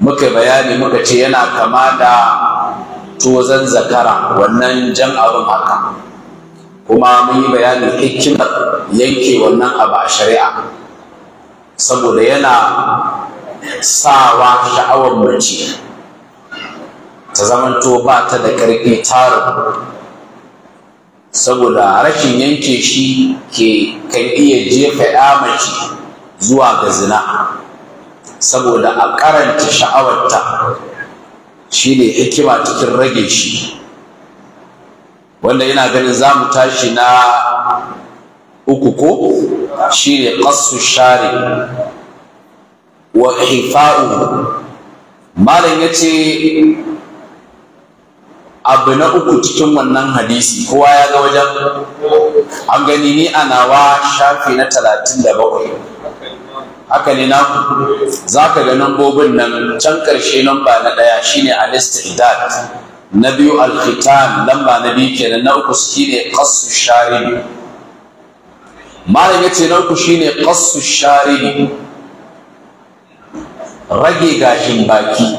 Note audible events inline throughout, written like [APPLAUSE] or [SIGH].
muka bayani muka ce yana kama da tozan zakara wannan jan abin haka kuma mun yi bayanin hikimar yanke wannan abu a shari'a saboda yana sawa sha'awar mace ta zamanto ba ta da ƙarfi tarin saboda rashin yanke shi ke kan iya jefa ya mace zuwa ga zina saboda a karanta sha'awarta shi ne hikima cikin rage shi wanda yana ganin za mu tashi na uku ko shi ne ƙasu share wa hifa'u malam ya ce abu na uku cikin wannan hadisi kowa ya ga wajen an gani ni a nawa shafi na talatin da bakwai haka ne na za ka ga nambobin nan can ƙarshe ba na ɗaya shine al-istidad na biyu alkitan nan ba na biyu kenan na uku shine qassu sharib malam yace na uku shine qassu ne. rage gashin baki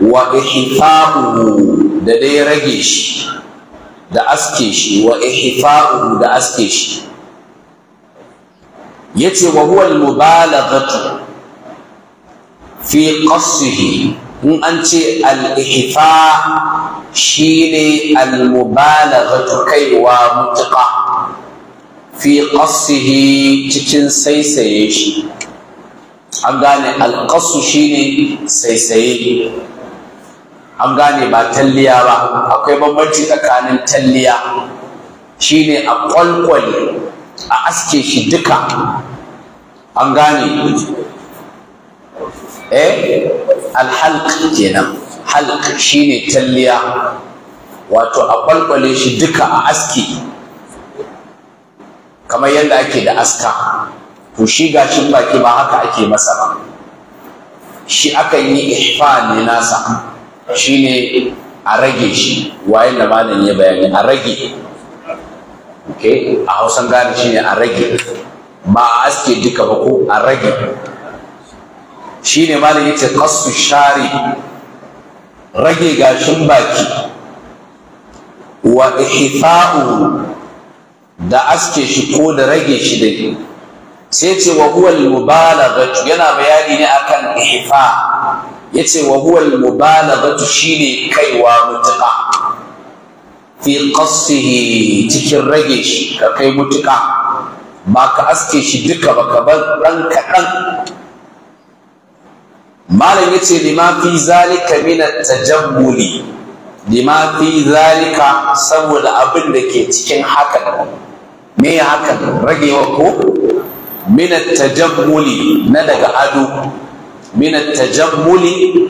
wa ihfaquhu da dai rage shi da aske shi wa ihfaquhu da aske shi Ya ce wa huwa al-mubalaghatu fi qasihi in an ce al-ihfa shine al-mubalaghatu wa mutaka fi qasihi cikin saisaye shi an gane alƙasu shine saisaye an gane ba talliya ba akwai bambanci tsakanin talliya shine a ƙwalƙwale a aske shi duka an gane eh alhalq kenan halq shine talliya wato a kwalkwale shi duka a aske kamar yadda ake da aska to shi gashin baki ba haka ake masa ba shi aka yi ihfani ne nasa shine a rage shi waye da malam ya bayani a rage okay eh, a hausan gane shine a rage ba a aske duka ba ko a rage Shi ne malam yace kasu share. rage gashin baki wa ihifau da aske shi ko da rage shi dai sai ce wa huwa al-mubalaghatu yana bayani ne akan ihfa yace wa huwa al-mubalaghatu shine kaiwa mutuka fi cikin rage shi ka kai mutuka ba ka aske shi duka ba ka bar ɗan kaɗan malam ya ce lima fi zalika min tajammuli lima fi zalika saboda abin da ke cikin hakan me hakan ragewa ko min tajammuli na daga ado min tajammuli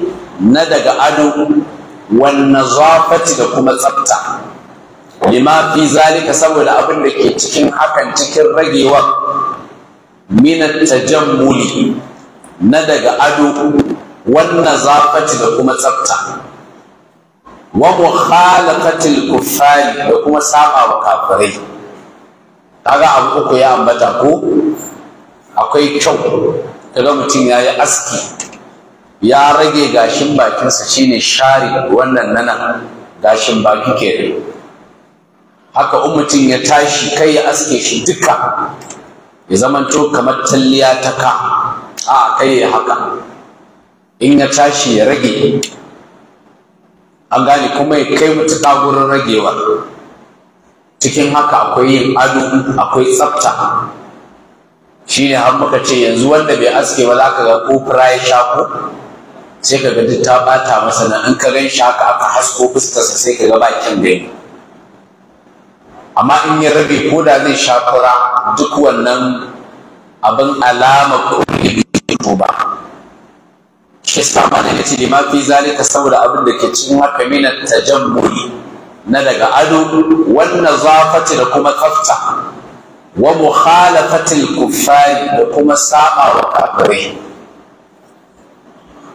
na daga ado wannan zafati da kuma tsafta lima fi zalika saboda abin da ke cikin hakan cikin ragewa minat tajammuli na daga ado wannan zafati da kuma tsafta wa mukhalaqatil kuffari da kuma saba wa kafirai kaga abu uku ya ambata ko akwai kyau kaga mutum ya yi aski ya rage gashin bakinsa shine share wannan nana gashin baki ke haka in mutum ya tashi kai ya aske shi duka ya zamanto kamar talliya ta ka a kai ya haka in ya tashi ya rage an gane kuma ya kai mutuƙa gurin ragewa cikin haka akwai yin ado akwai tsafta ne har muka ce yanzu wanda bai aske ba za ka ga ko ya sha ko sai ka ga duk ta bata masa nan in ka gan shi haka aka hasko fuskarsa sai ka ga bakin gani amma in ya rabe ko da zai sha duk wannan abin alama ko ne ba shi sa ma da yace lima fi zalika saboda abin da ke cikin haka jan tajammuli na daga ado wannan zafati da kuma tsafta wa mukhalafatil kuffari da kuma saba wa kafirai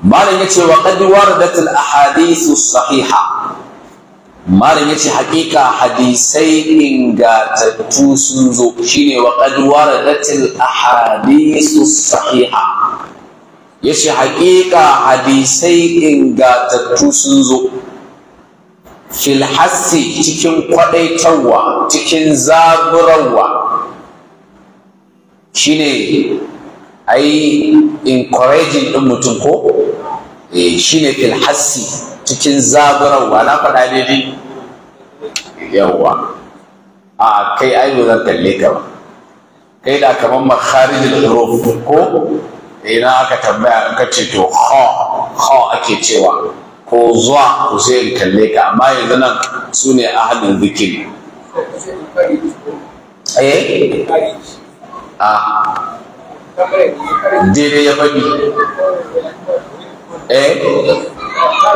malam yace wa qad waradatil ahadithu sahiha malam yace haƙiƙa hadisai ingatattu sun zo shine wa qad waradatil ahadithu sahiha yace haƙiƙa hadisai ingatattu sun zo fil hassi cikin kwadaitarwa cikin zaburarwa shine ai encouraging din mutum ko eh shine fil cikin zaburarwa na faɗa daidai yawwa a kai ai ba zan kalle ka ba kai da kamar da huruf ko ina eh, aka tambaya aka ce to ha ha ake cewa ko zuwa ko sai in kalle ka amma yanzu nan su ne hannun zikiri eh a daidai ya faɗi eh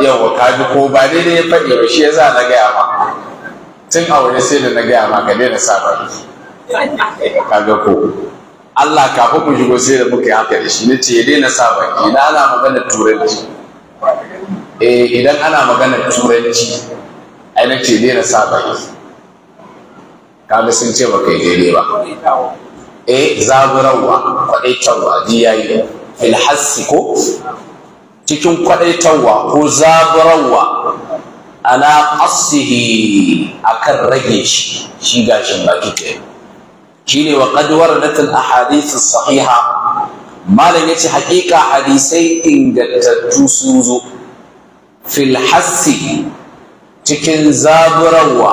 yawa kaji ko ba daidai ya faɗi ba shi ya za na gaya ba? tun aure sai da na gaya ma ka daina sa Ka kaga ko Allah kafin ku shigo sai da muka haka da shi na ce ya daina sa baki idan ana magana turanci eh idan ana magana turanci ai nace ce daina sa baki kaga sun ce baka yi daidai ba eh zaburarwa kwaɗaitarwa ji yayi fil ko cikin kwadaitawa ko zaburawa ala qassihi akan rage shi shi gashin baki ke shine wa qad waradat al ahadith as sahiha malam yace haƙiƙa hadisai ingantattu sun zo fil hassi cikin zaburawa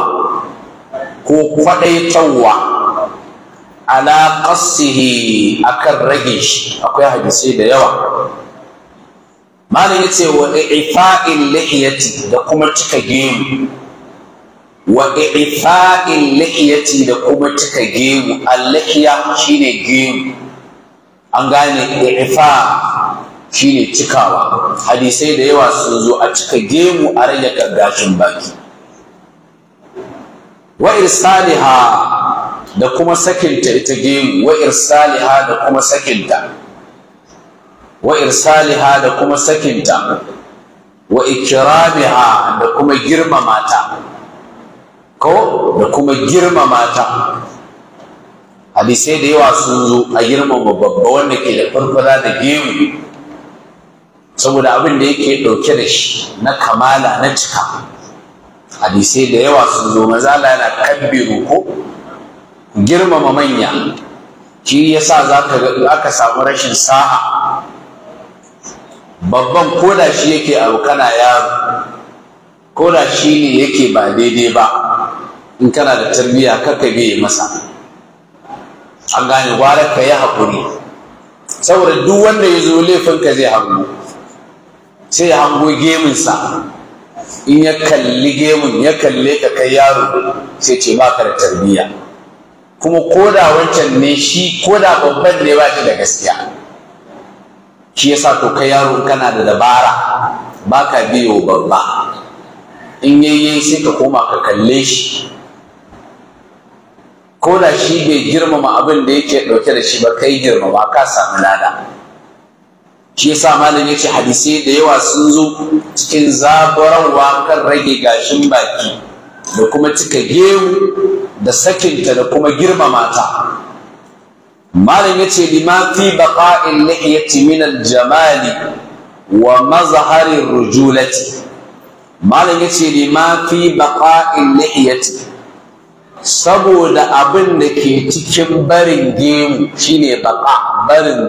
ko kwaɗaitarwa ala qassihi akan rage shi akwai hadisai da yawa malam ya ce wa ifa'il lihiyati da kuma cika gemu wa ifa'il lihiyati da kuma cika gemu al-lihiya shine gemu an gane ifa shine cikawa hadisai da yawa sun zo a cika gemu a rage gashin baki wa irsaliha da kuma sakinta ita gemu wa irsaliha da kuma sakinta wa irsaliha da kuma sakinta wa ikramiha da kuma girmama ta ko da kuma girmama ta hadisai da yawa sun zo a girmama babba wanda ke da farfara da gemu saboda abin da yake ɗauke da shi na kamala na cika hadisai da yawa sun zo mazala yana kabbiru ko girmama manya shi yasa za ka aka samu rashin sa'a babban koda shi yake abu kana yaro koda shi ne yake ba daidai ba in kana da tarbiyya kaka biye masa an gane gwara ka yi haƙuri saboda duk wanda ya zo laifin ka zai hango sai ya hango geminsa in ya kalli gemun ya kalle ka kai yaro sai ce ba ka da tarbiyya kuma koda wancan ne shi koda babban ne ba shi da gaskiya shi yasa to kai yaro kana da dabara baka biyo babba in yayye sai ka koma ka kalle shi ko da shi bai girmama abin da yake dauke da shi ba kai girmama ka samu lada shi yasa malam yace hadisai da yawa sun zo cikin zaburarwa kan rage gashin baki da kuma cika gemu da sakinta da kuma girmama ta malam yace lima fi baqa'il lihiyati min jamali wa mazaharin rujulati malam ce lima fi baqa'il lihiyati saboda abin da ke cikin barin gemu shine baƙa barin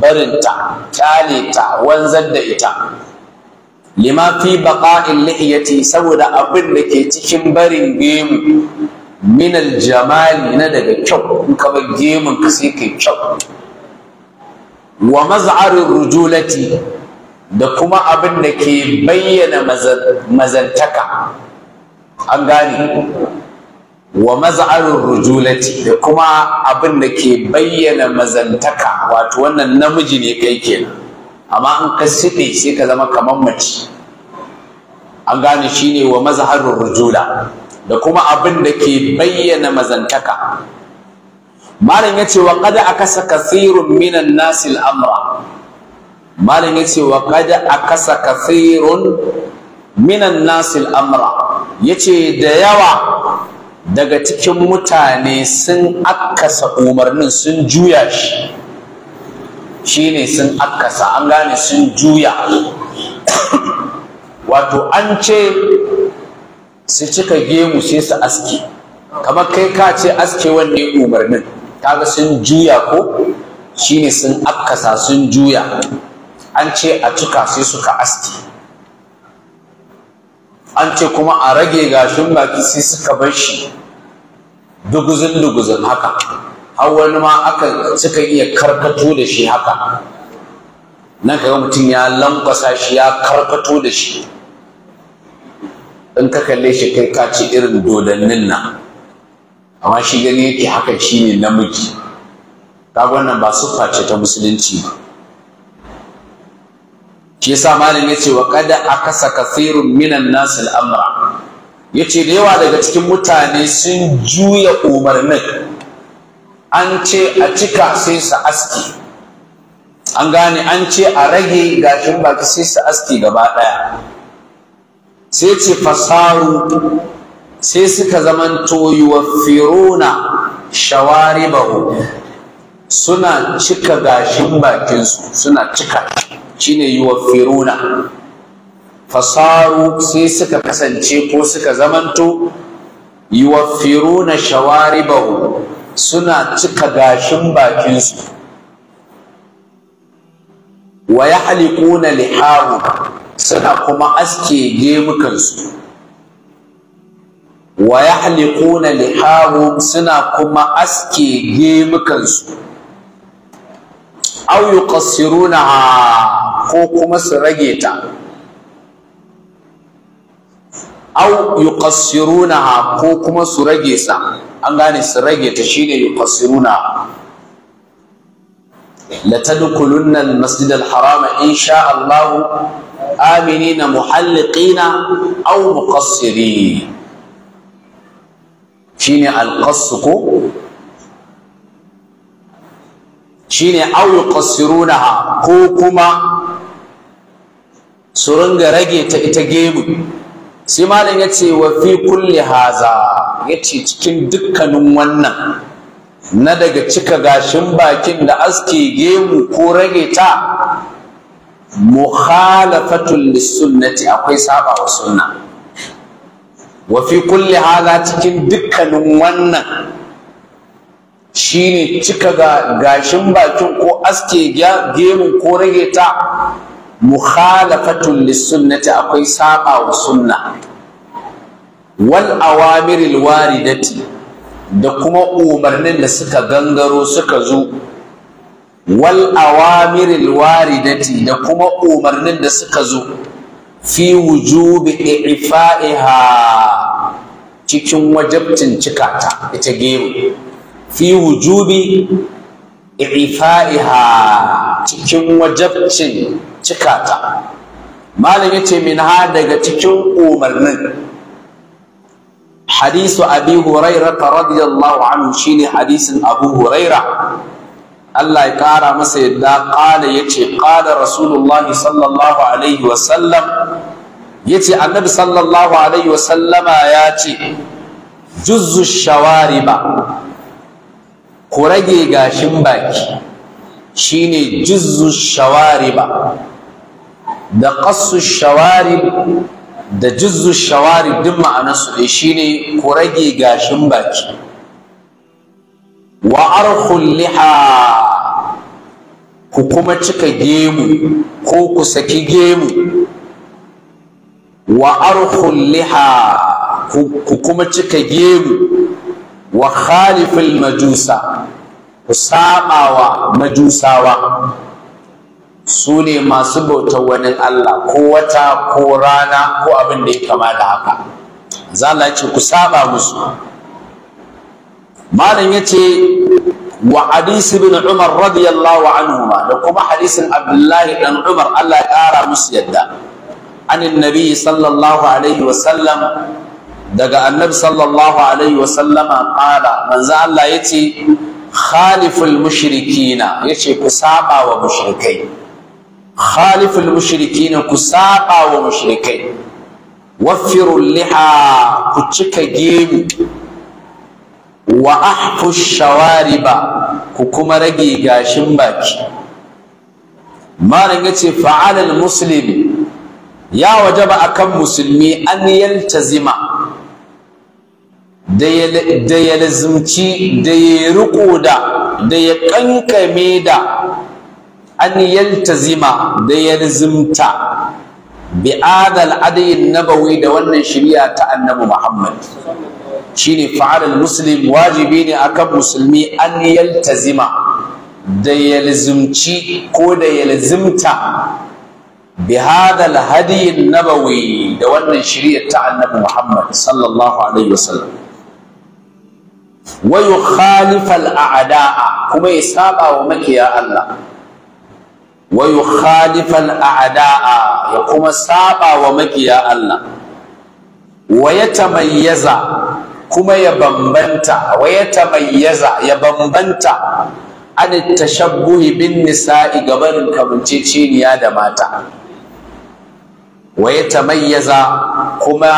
barinta kyale ta wanzar da ita lima fi baqa'il lihiyati saboda abin da ke cikin barin gemu minal jamali na daga kyau in ka bar gemun ka sai kai kyau wa maz'arin rujulati da kuma abin da ke bayyana mazantaka an gane wa maz'arin rujulati da kuma abin da ke bayyana mazantaka wato wannan namiji ne kai kenan amma in ka siɗe sai ka zama kamar mace an gane shine wa mazharin rujula da kuma abin da ke bayyana mazantaka malam ce wa a kasa kathirun minan nasil amra malam ce wa a kasa kathirun minan nasil amra ce da yawa daga cikin mutane sun akasa umarnin sun juya shi shine sun akasa an gane sun juya wato an ce su cika gemu sai su aske kamar kai ka ce aski wanne umarnin kaga sun juya ko shine sun akkasa sun juya an ce a cika sai suka aske an ce kuma a rage gashin baki sai suka bar shi duguzin duguzin haka har wani ma aka suka iya karkato da shi haka nan kaga mutum ya lankwasa shi ya karkato da shi in ka kalle shi kai ka ci irin dodannin nan amma shi gani yake haka shi ne namiji kaga wannan ba siffa ce ta musulunci ba shi yasa malam yace wa a kasa kathirun minan nasu al-amra yace da yawa daga cikin mutane sun juya umarnin an ce a cika sai su aski an gane an ce a rage gashin baki sai su aski gaba daya sai ce fasaru sai suka shawari ba shawaribahu suna cika gashin bakinsu suna cika shine firuna. fasaru sai suka kasance ko suka zamanto ba shawaribahu suna cika gashin bakinsu wa halikuna lihahu suna kuma aske gemukansu wa ya yahliquna lihahum suna kuma aske gemukansu Au yuqassiruna ko kuma su rage ta yuqassiruna ko kuma su rage sa an gane su rage ta shine yuqassiruna la tadkhulunna al harama insha Allah aminina muhalliqina aw muqassirin shine alqass ko shine aw yuqassirunaha ko kuma su ringa rage ta ita gemu sai malam ya ce wa fi lihaza, haza ya ce cikin dukkanin wannan na daga cika gashin bakin da aske gemu ko rage ta mukhalafatul lissunnati akwai saba wa sunna wa fi kulli hadha cikin dukkanin wannan shine cika ga gashin bakin ko aske gemun ko rage ta mukhalafatul lissunnati akwai saba wa sunna wal awamiril waridati da kuma umarnin da suka gangaro suka zo wal awamiril waridati da kuma umarnin da suka zo fi wujubi ifa'iha cikin wajabcin cikata ita gero fi wujubi ifa'iha cikin wajabcin cikata malam yace min ha daga cikin umarnin hadisu abi hurairah radiyallahu anhu shine hadisin abu hurairah Allah ya ƙara masa yadda ƙala ya ce ƙala rasulullahi sallallahu alaihi wasallam ya ce annabi sallallahu alaihi wasallama ya ce juzzu shawari ba ku rage gashin baki Shi ne juzzu shawari ba da ƙassu shawari da juzzu shawari duk ma'anarsu ne shine ku rage gashin baki wa arhul liha ku kuma cika gemu ko ku saki gemu wa arhul liha ku kuma cika gemu wa khalifil majusa ku saɓawa majusawa su ne masu bauta wani Allah ko wata ko rana ko abin da ya kama da haka Za ce ku saɓa musu malam yace wa hadisi bin umar radiyallahu anhu da kuma hadisin abdullahi dan umar Allah ya kara musu yadda anin nabi sallallahu alaihi wa sallam daga annabi sallallahu alaihi wa sallama qala manzo Allah yace khaliful mushrikina yace ku saba wa mushrikai khaliful mushrikina ku saba wa mushrikai waffiru liha ku cika gemu wa ahfush shawariba ku kuma rage gashin baki malam yace fa'alal muslim ya wajaba akan musulmi an yaltazima da ya lazimci da ya riko da da ya kankame da an yaltazima da ya lazimta bi adal adayin nabawi da wannan shari'a ta annabi Muhammad shine fa'alal muslim wajibi ne akan musulmi an yaltazima da yalzimci ko da yalzimta bi hadal hadiyin nabawi da wannan shirya ta annabi Muhammad sallallahu alaihi wasallam wa a a'da'a kuma ya saba wa makiya Allah wa yukhalifal a'da'a ya kuma saba wa makiya Allah wa yatamayyaza kuma ya bambanta wa ya tamayyaza ya bambanta an tashabbuhi bin nisa'i gabanin kamanceceniya da mata wa ya tamayyaza kuma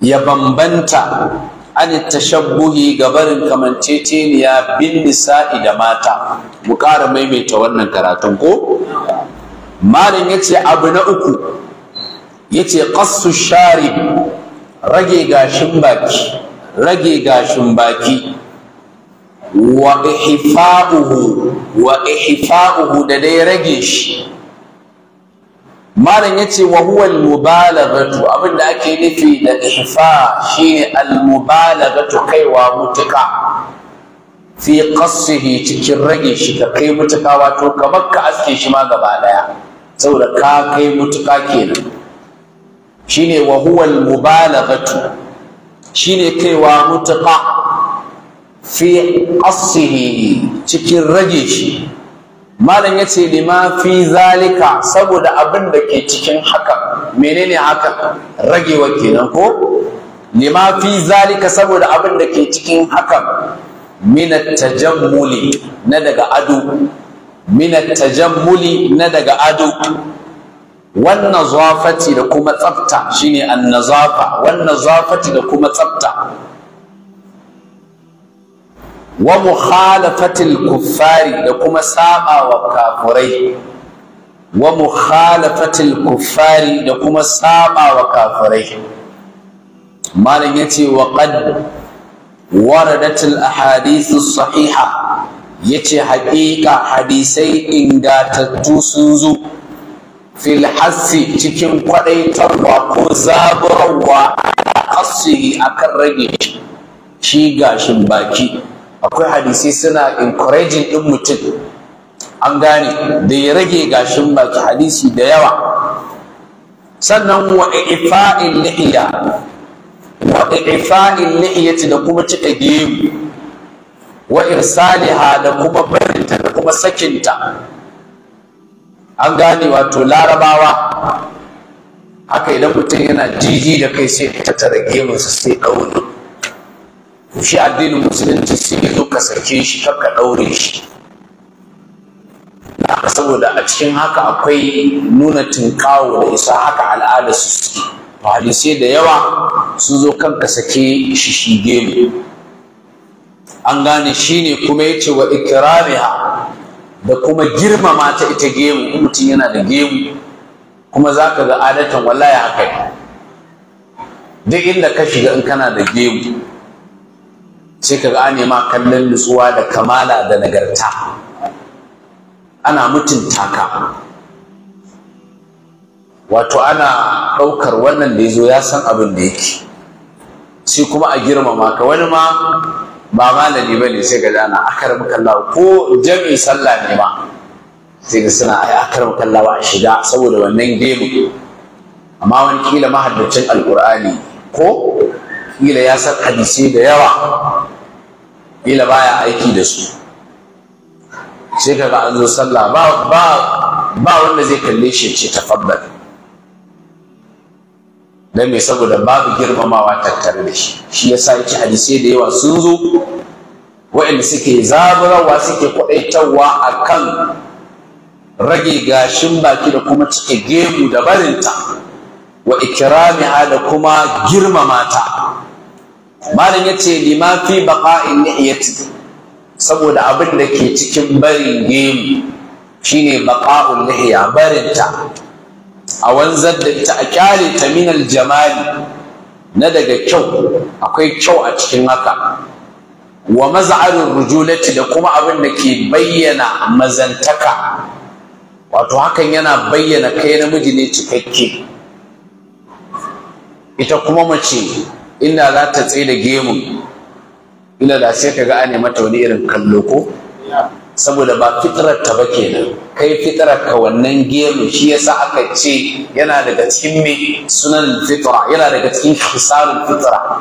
ya bambanta an tashabbuhi gabanin kamanceceniya bin nisa'i da mata mu ƙara maimaita wannan karatun ko malin yace abu na uku yace qassu sharib rage gashin baki rage gashin baki wa ihfa'uhu wa ihfa'uhu da dai rage shi malam yace wa huwa al-mubalaghatu abinda ake nufi da ihfa shine al-mubalaghatu kaiwa mutuka fi qassihi cikin rage shi ka kai mutuka wato kamar ka aske shi ma gaba daya saboda ka kai mutuka kenan shine wa huwa al-mubalaghatu shine kaiwa mutaqa fi asihi cikin rage shi malam yace lima fi zalika saboda abin da ke cikin hakan menene hakan ragewa kenan ko lima fi zalika saboda abin da ke cikin hakan at tajammuli na daga ado at tajammuli na daga ado wannan nazafati da kuma tsafta shine annazafa. wannan nazafati da kuma tsafta wa mukhalafatil kuffari da kuma saba wa kafirai wa mukhalafatil kuffari da kuma saba wa kafirai malam yace wa qad waradatil ahadithu sahiha yace haƙiƙa hadisai ingatattu sun zo fil hassi cikin kwadaitarwa ko zaburarwa ala asiri akan rage shi gashin baki akwai hadisi suna encouraging ɗin mutum an gane da ya rage gashin baki hadisi da yawa sannan wa ifa'in lihiya wa ifa'in lihiyati da kuma cika gemu wa irsaliha da kuma barinta da kuma sakinta an gane wato larabawa haka idan mutum yana jiji da kai sai ta tara gemunsa sai ɗaure shi addinin musulunci sai ya zo ka sake shi kar ka ɗaure shi saboda a cikin haka akwai nuna tunkawo da isa haka al'ada su suke hadisai da yawa sun zo kan ka sake shi shi gemu an gane shi ne kuma ya ce wa ikiramiha da kuma girmama ta ita gemu in mutum yana da gemu kuma za ka ga adatan wallahi haka ne duk inda ka shiga in kana da gemu sai ka ga an ma kallon nutsuwa da kamala da nagarta ana mutunta ka wato ana ɗaukar wannan da ya zo ya san abin da yake sai kuma a girmama ka wani ma ba malami ne sai ga dana akar kallawa ko jami'in sallah ne ma sai ga suna a akar kallawa a shiga saboda wannan gemu amma wani kila mahaddacin alqur'ani ko kila ya san hadisi da yawa kila baya aiki da su sai kaga an zo sallah ba wanda zai kalle shi ce tafabbar dan mai saboda babu girmamawa tattare da shi shi yasa yake hadisi da yawa sun zo wa'anda suke zaburawa suke a kan rage gashin baki da kuma cike gemu da barinta wa ikramiha da kuma girmama ta malam yace lima fi iya niyyati saboda abin da ke cikin barin gemu shine baka'un lihiya barinta a wanzar da ita a kyale ta minal jamali na daga kyau akwai kyau a cikin haka wa maz'arul rujulati da kuma abin da ke bayyana mazantaka wato hakan yana bayyana kai namiji ne cikakke ita kuma mace inda za ta tsaye da gemu ila da sai ka ga a mata wani irin kallo ko saboda ba fitrar ka ba kenan kai fitrar ka wannan gemu shi yasa aka ce yana daga cikin me sunan fitra yana daga cikin hisalul fitra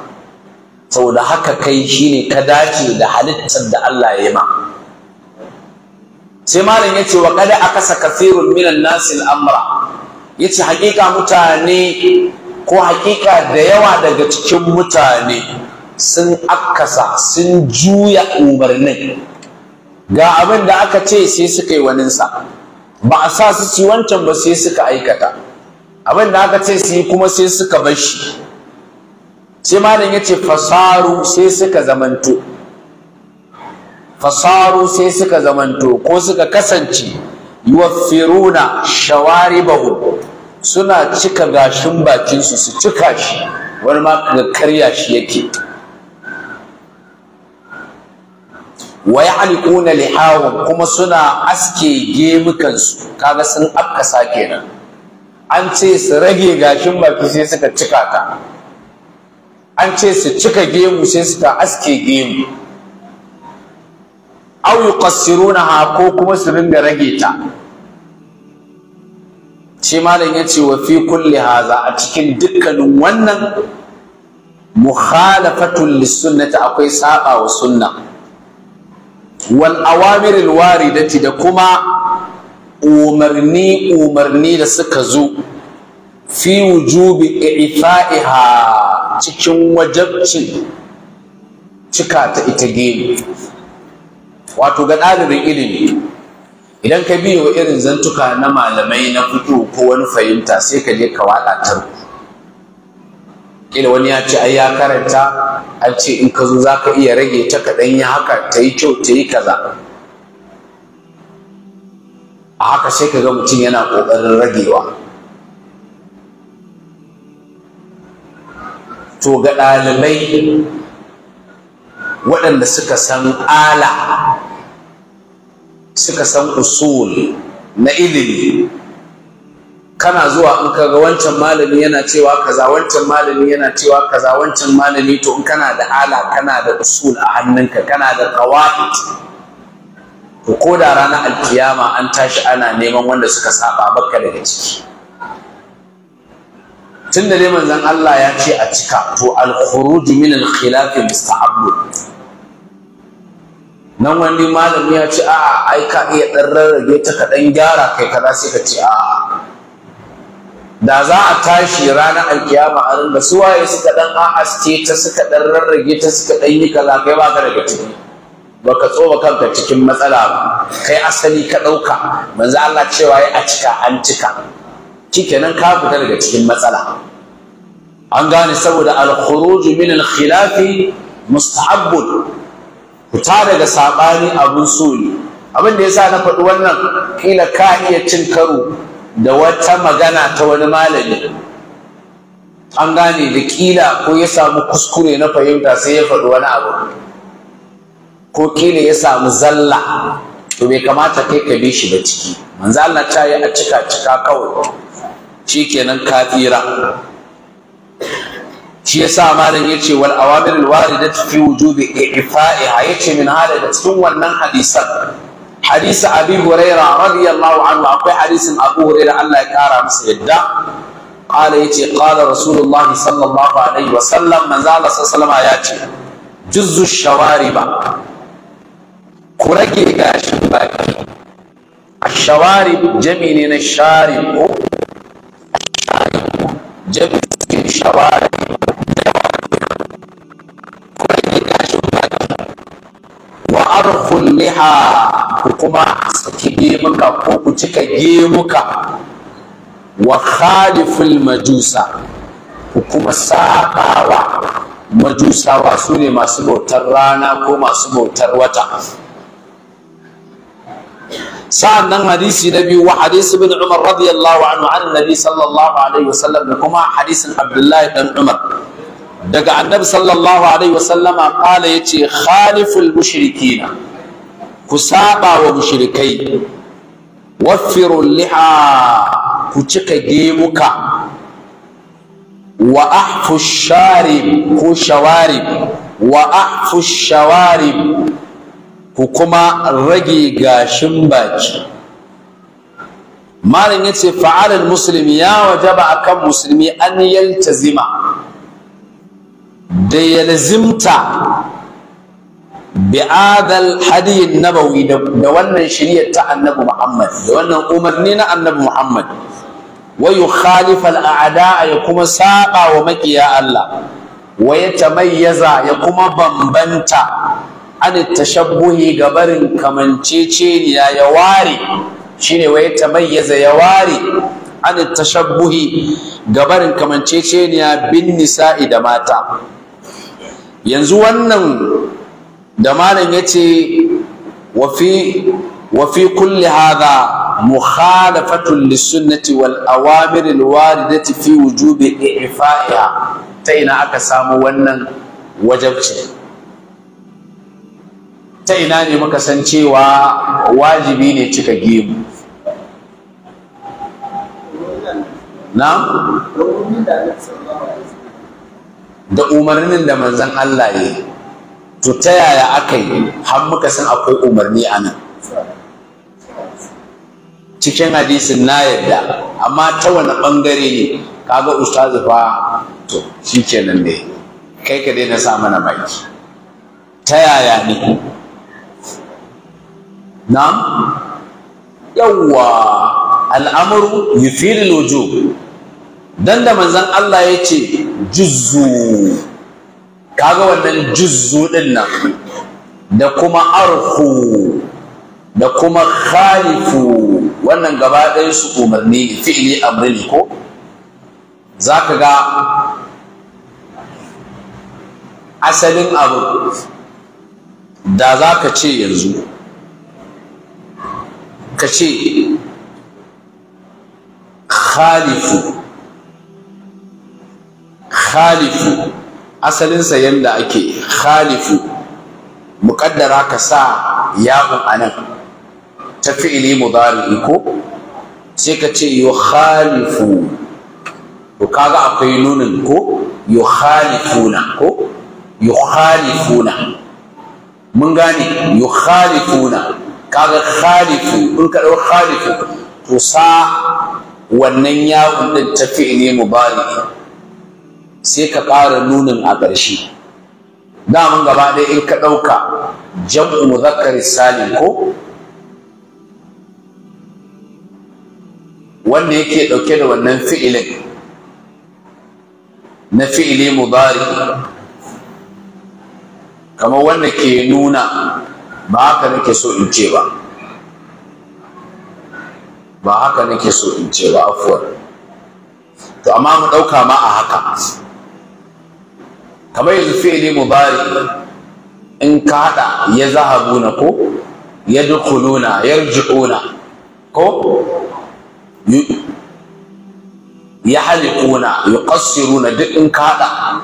saboda haka kai shine ka dace da halittar da Allah ya yi ma sai malam yace wa qad akasa kathirun minan nasil amra yace hakika mutane ko hakika da yawa daga cikin mutane sun akasa sun juya umarnin ga abin da aka ce sai suka yi waninsa ba a sa su ci wancan ba sai suka aikata abin da aka ce su yi kuma sai suka bar shi sai malam ya ce fasaru sai suka zamanto fasaru sai suka zamanto ko suka kasance yuwaffiruna shawaribahu suna cika gashin bakinsu su cika shi wani ma ga karya shi yake wa ya'liquna lihawum kuma suna aske gemukan su kaga sun akkasa kenan an ce su rage gashin baki sai suka cika ka. an ce su cika gemu sai suka aske gemu aw yuqassirunaha ko kuma su ringa rage ta shi malam yace wa fi kulli haza a cikin dukkanin wannan mukhalafatul lisunnati akwai saba wa sunna wal awamiril waridati da kuma umarni umarni da suka zo fi wujubi ifa'iha cikin wajabcin cika ta ita gemi wato ga ɗalibin ilimi idan ka biyo irin zantuka na malamai na fito ko wani fahimta sai ka je ka waɗa tarku kila wani ya ce ai ya karanta an ce in ka zo za ka iya rage ta kaɗan yi haka ta yi kyau ta yi kaza a haka sai ka ga mutum yana ƙoƙarin ragewa to ga ɗalibai waɗanda suka san ala suka san usul na ilimi kana zuwa in ka ga wancan malami yana cewa kaza wancan malami yana cewa kaza wancan malami to in kana da ala kana da usul a hannunka kana da qawaid to ko da ranar alkiyama an tashi ana neman wanda suka saba baka daga ciki tun da neman zan Allah ya ce a cika to al-khuruj min al-khilaf musta'ab nan wani malami ya ce a'a ai ka iya dan rarrage ta ka dan gyara kai kaza sai ka ce a'a da za a tashi ranar alkiyama a rinda waye, suka dan ahaske ta suka dan rarrage ta suka dan yi kaza kai ba ka daga ciki baka tsoma kanka cikin matsala kai asali ka ɗauka manzo Allah cewa ya a cika an cika nan ka fita daga cikin matsala an gane saboda al-khuruj min al-khilafi mustahab fita daga sabani abun so ne abin da yasa na faɗi wannan kila ka iya cin karo da wata magana ta wani malami an gane da kila ko ya samu kuskure na fahimta sai ya faɗi wani abu ko kila ya samu zalla to bai kamata kai ka bi shi ba ciki manzo Allah ta yi a cika cika kawai shikenan ka tsira shi yasa malam yace wal awamir al waridatu fi wujubi ifa'i yace min hada da cikin wannan hadisan hadisi abi huraira radiyallahu anhu akwai hadisin abu huraira Allah ya kara masa yadda qala yace qala rasulullah sallallahu alaihi wa sallam manzo Allah sallallahu ya ce juzzu shawariba ku rage gashin baki الشوارب جميل الشارب جميل الشوارب وأرخ اللحى ku kuma saki gemuka ko ku cika gemuka wa khaliful majusa ku kuma sabawa majusawa su ne masu bautar rana ko masu bautar wata sa'an nan hadisi na biyu wa hadisi bin umar radiyallahu anhu an nabi sallallahu alaihi wasallam da kuma hadisin abdullahi dan umar daga annabi sallallahu alaihi wasallama kala yace khaliful mushrikina ku saba wa mushrikai waffiru liha ku cika gemuka wa ahfu sharib ko shawarib wa ahfu shawarib ku kuma rage gashin baki malam yace fa'alal musulmi ya wajaba akan musulmi an yaltazima da yalzimta bi'adal hadiyin nabawi da wannan shiriyar ta annabi Muhammad da wannan umarni na annabi Muhammad wa yukhalifa al'ada ya kuma saba wa makiya Allah wa yatamayyaza ya kuma bambanta an tashabbuhi ga barin kamanceceniya ya ware shine wa yatamayyaza ya ware an tashabbuhi ga barin kamanceceniya bin nisa'i da mata yanzu wannan da malam yace wa fi kulle fi mu hadha wal awamir al tafi fi wujubi i'fa'iha ta ina aka samu wannan wajabci ta ina ne muka san cewa wajibi ne cika gemu na da umarnin da manzan Allah ya yi to ta yaya aka yi har muka san akwai umarni a nan cikin hadisin na yadda amma ta wani ɓangare ne kaga ustazu fa to shi kenan ne kai ka daina sa mana maki ta yaya ne na yawwa al'amuru yufilul wujub dan da manzon Allah yace ce juzzu kaga wannan juzzu din nan da kuma arhu da kuma khalifu wannan gaba ɗaya su umarni ne fi'ili amri ko za ka ga asalin abu da za ka ce yanzu ka ce khalifu khalifu asalinsa yadda ake khalifu muƙaddara ka sa yawon a nan ta fi'ili mudari ko sai ka ce yu khalifu to kaga akwai nunin ko yu khalifuna ko yu khalifuna mun gane yu khalifuna kaga khalifu in ka khalifu to sa wannan yawon ɗin ta fi'ili mudari sai ka ƙara nunin a ƙarshe daman gaba ɗaya in ka ɗauka jam'u zakar salim ko wanda yake ɗauke da wannan fi'ilin na fi'ili bari. kamar wanda ke nuna ba haka nake so in ce ba ba haka nake so in ce ba afuwar to amma mu ɗauka ma a haka kamar yanzu mu mubari in ka haɗa ya zahabuna ko ya dukuluna yarji'una ko ya halikuna ya runa duk in ka haɗa?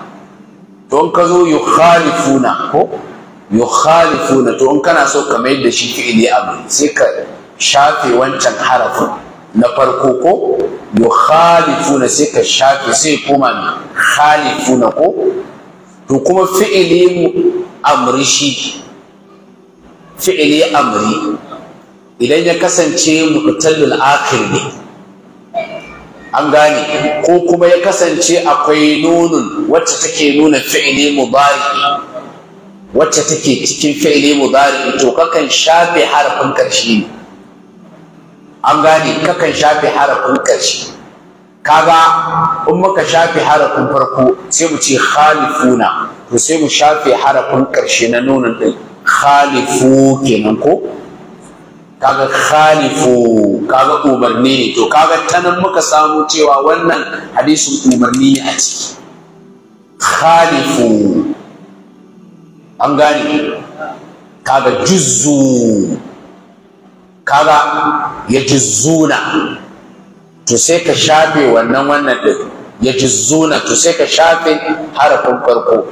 to in ka zo ya khalifuna ko ya khalifuna to in kana so ka mai da shi fi'li abu sai ka shafe wancan harafin na farko ko ya khalifuna sai ka shafe sai koma khalifuna ko to kuma fi'ili amri shi fi'ili amri idan ya kasance mu'tallul akhir ne an gane ko kuma ya kasance akwai nunun wacce take nuna fi'ili mubari wacce take cikin fi'ili mubari to kakan shafe harafin karshe ne an gane kakan shafe harafin karshe kaga in muka shafe harafin farko sai mu ce khalifuna to sai mu shafe harafin ƙarshe na nunin din khalifu kenan ko kaga khalifu kaga umarni ne to kaga tanan muka samu cewa wannan hadisin umarni ne a ciki khalifu an gane kaga juzzu kaga ya juzzuna to sai ka shafe wannan wannan din ya jizzuna to sai ka shafe harafin farko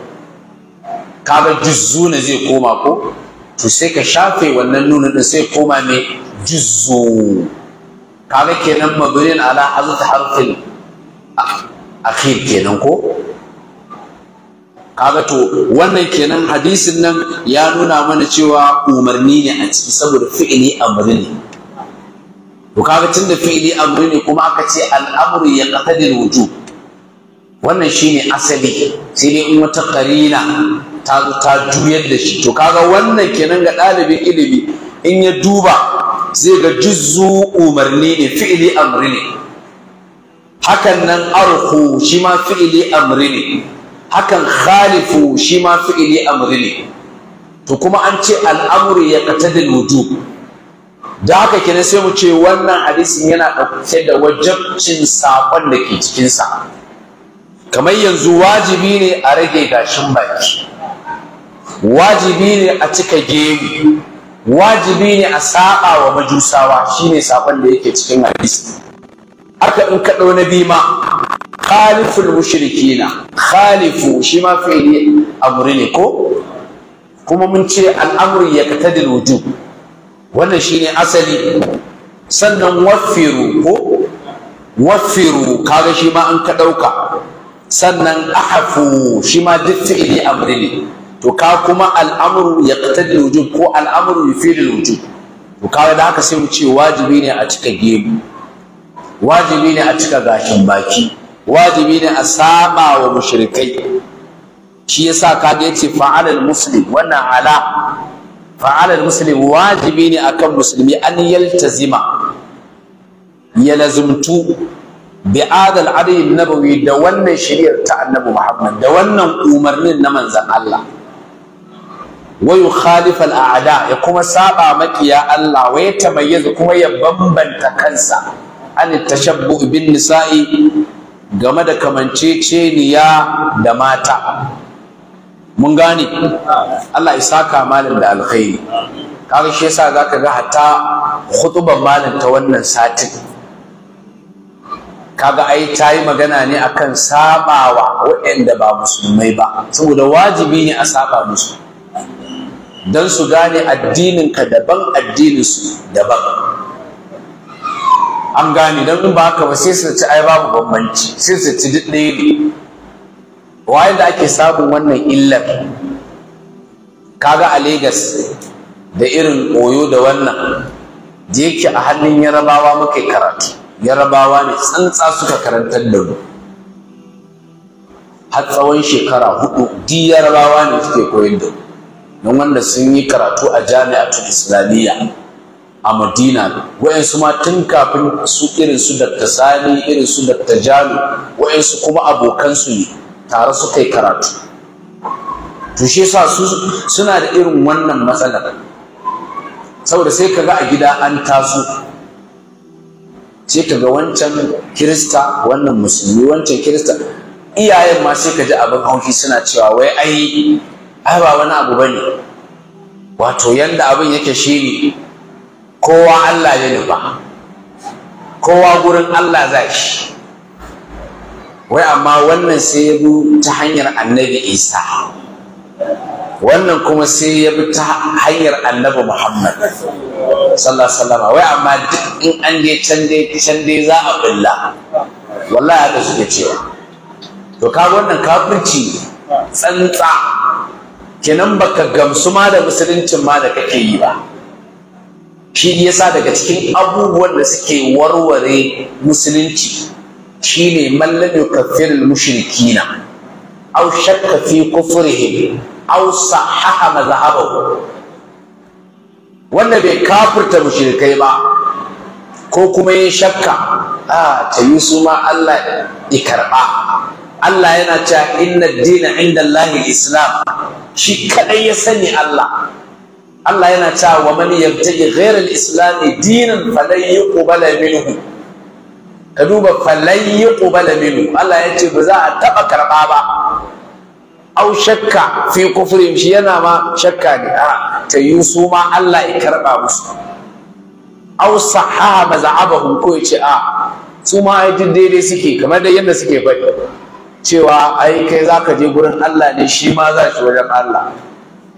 kaga jizzuna zai koma ko to sai ka shafe wannan nunin din sai koma ne jizzu kaga kenan mabrin ala hazat harfin akhir kenan ko kaga to wannan kenan hadisin nan ya nuna mana cewa umarni ne a ciki saboda fi'ili amri ne to kaga tunda fi'li amri ne kuma aka ce al'amru ya qatadil wujub wannan shine asali sai dai in wata karina ta zo ta juyar da shi to kaga wannan kenan ga ɗalibin ilimi in ya duba zai ga juzu umarni ne fi'li amri ne hakan nan arhu shi ma fi'li amri ne hakan khalifu shi ma fi'li amri ne to kuma an ce al'amru ya qatadil wujub da haka kenan sai mu ce wannan hadisin yana ɗauke da wajabcin saƙon da ke cikinsa kamar yanzu wajibi ne a rage gashin baki wajibi ne a cika gemu wajibi ne a saɓa wa majusawa shine saƙon da yake cikin hadisi aka in ka na bima khaliful mushrikina khalifu shi ma fi'ili amri ne ko kuma mun ce al'amru yaqtadi wujub wannan shine asali sannan wafiru ko wafiru kaga shi ma an ka ɗauka sannan ahafu shi ma duk fi'ili amri ne to ka kuma al'amru ya qatadi wujub ko al'amru yufidu wujub to kaga da haka sai mu ce wajibi ne a cika gebu wajibi ne a cika gashin baki wajibi ne a saba wa mushrikai shi yasa kaga yace fa'alal muslim wannan ala fa'alal muslim wajibi ne a kan musulmi an yaltazima ya lazumtu bi adal adabi nabawi da wannan shari'ar ta annabi Muhammad da wannan umarnin na manzan Allah Wayu khalifal al a'da ya kuma saba maƙiya Allah wa ya tamayyaza kuma ya bambanta kansa an tashabbu bin nisa'i game da kamanceceniya da mata mun gane Allah ya saka malam da alkhairi kaga shi yasa zaka ga hatta khutuban malam ta wannan satin kaga ai ta yi magana ne akan sabawa waɗanda ba musulmai ba saboda wajibi ne a saba musu don su gane addinin ka daban addinin su daban an gane don in ba haka ba sai su ci ai babu bambanci sai su ci duk wayan da ake samun wannan illar kaga a Legas da irin koyo da wannan da yake a hannun yarabawa muka karatu yarabawa ne tsantsa suka karantar da mu har tsawon shekara hudu di yarabawa ne suke koyar da mu don wanda sun yi karatu a jami'atul islamiyya a madina wa'yansu ma tun kafin su irin su ta sani irin su dakta jalo wa'yansu kuma abokansu ne tare suka yi karatu to shi su suna da irin wannan matsalar saboda sai kaga a gida an taso sai kaga wancan kirista wannan musulmi wancan kirista iyayen ma sai kaji abin haushi suna cewa wai ai ai ba wani abu bane wato yanda abin yake shine kowa Allah ya nufa kowa gurin Allah za shi wai amma wannan sai ya bi ta hanyar annabi isa wannan kuma sai ya bi ta hanyar annabi muhammad sallallahu alaihi wai amma duk in an je can dai can dai za a billa wallahi haka suke cewa to kaga wannan kafirci tsantsa kenan baka gamsu ma da musuluncin ma da kake yi ba shi yasa daga cikin abubuwan da suke warware musulunci shine man lam yukaffir al na. aw shakka fi kufrihim aw sahaha mazhabahu wanda bai kafirta mushrikai ba ko kuma ya shakka a ta yi su ma Allah ya karɓa Allah yana cewa inna dina inda Allahi islam shi kaɗai ya sani Allah Allah yana cewa wa man yabtaji ghairal islami dinan falan yuqbala minhu ka duba falai ya ƙubala minu Allah ya ce ba za a taɓa karɓa ba au shakka fi kufurin shi yana ma shakka ne a ta yi su ma Allah ya karɓa musu au saha ba za a ba ko ya ce a su ma ai duk daidai suke kamar da yadda suke faɗi cewa ai kai za ka je gurin Allah ne shi ma za shi wajen Allah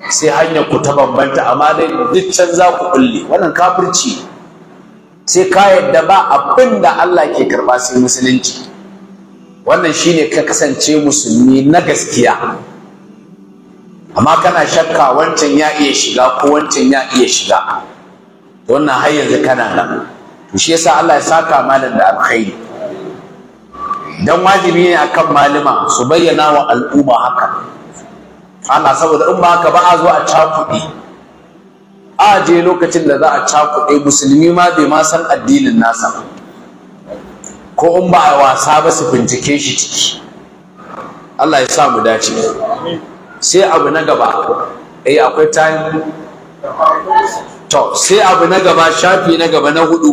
sai hanyar ku ta bambanta amma dai duk can za ku kulle wannan kafirci ne sai ka yadda ba abin da Allah ke karba sai musulunci wannan shi ne ka kasance musulmi na gaskiya amma kana shakka wancan ya iya shiga ko wancan ya iya shiga wannan har yanzu kana nan to shi yasa Allah ya saka malam da alkhairi dan wajibi ne akan malama su bayyana wa al'umma haka ana saboda in ba haka ba a zo a cakuɗe a je lokacin da za a cakuɗe musulmi ma bai ma san addinin nasa ko in ba a wasa ba su bincike shi ciki Allah ya sa mu dace sai abu na gaba eh akwai time to sai abu na gaba shafi na gaba na hudu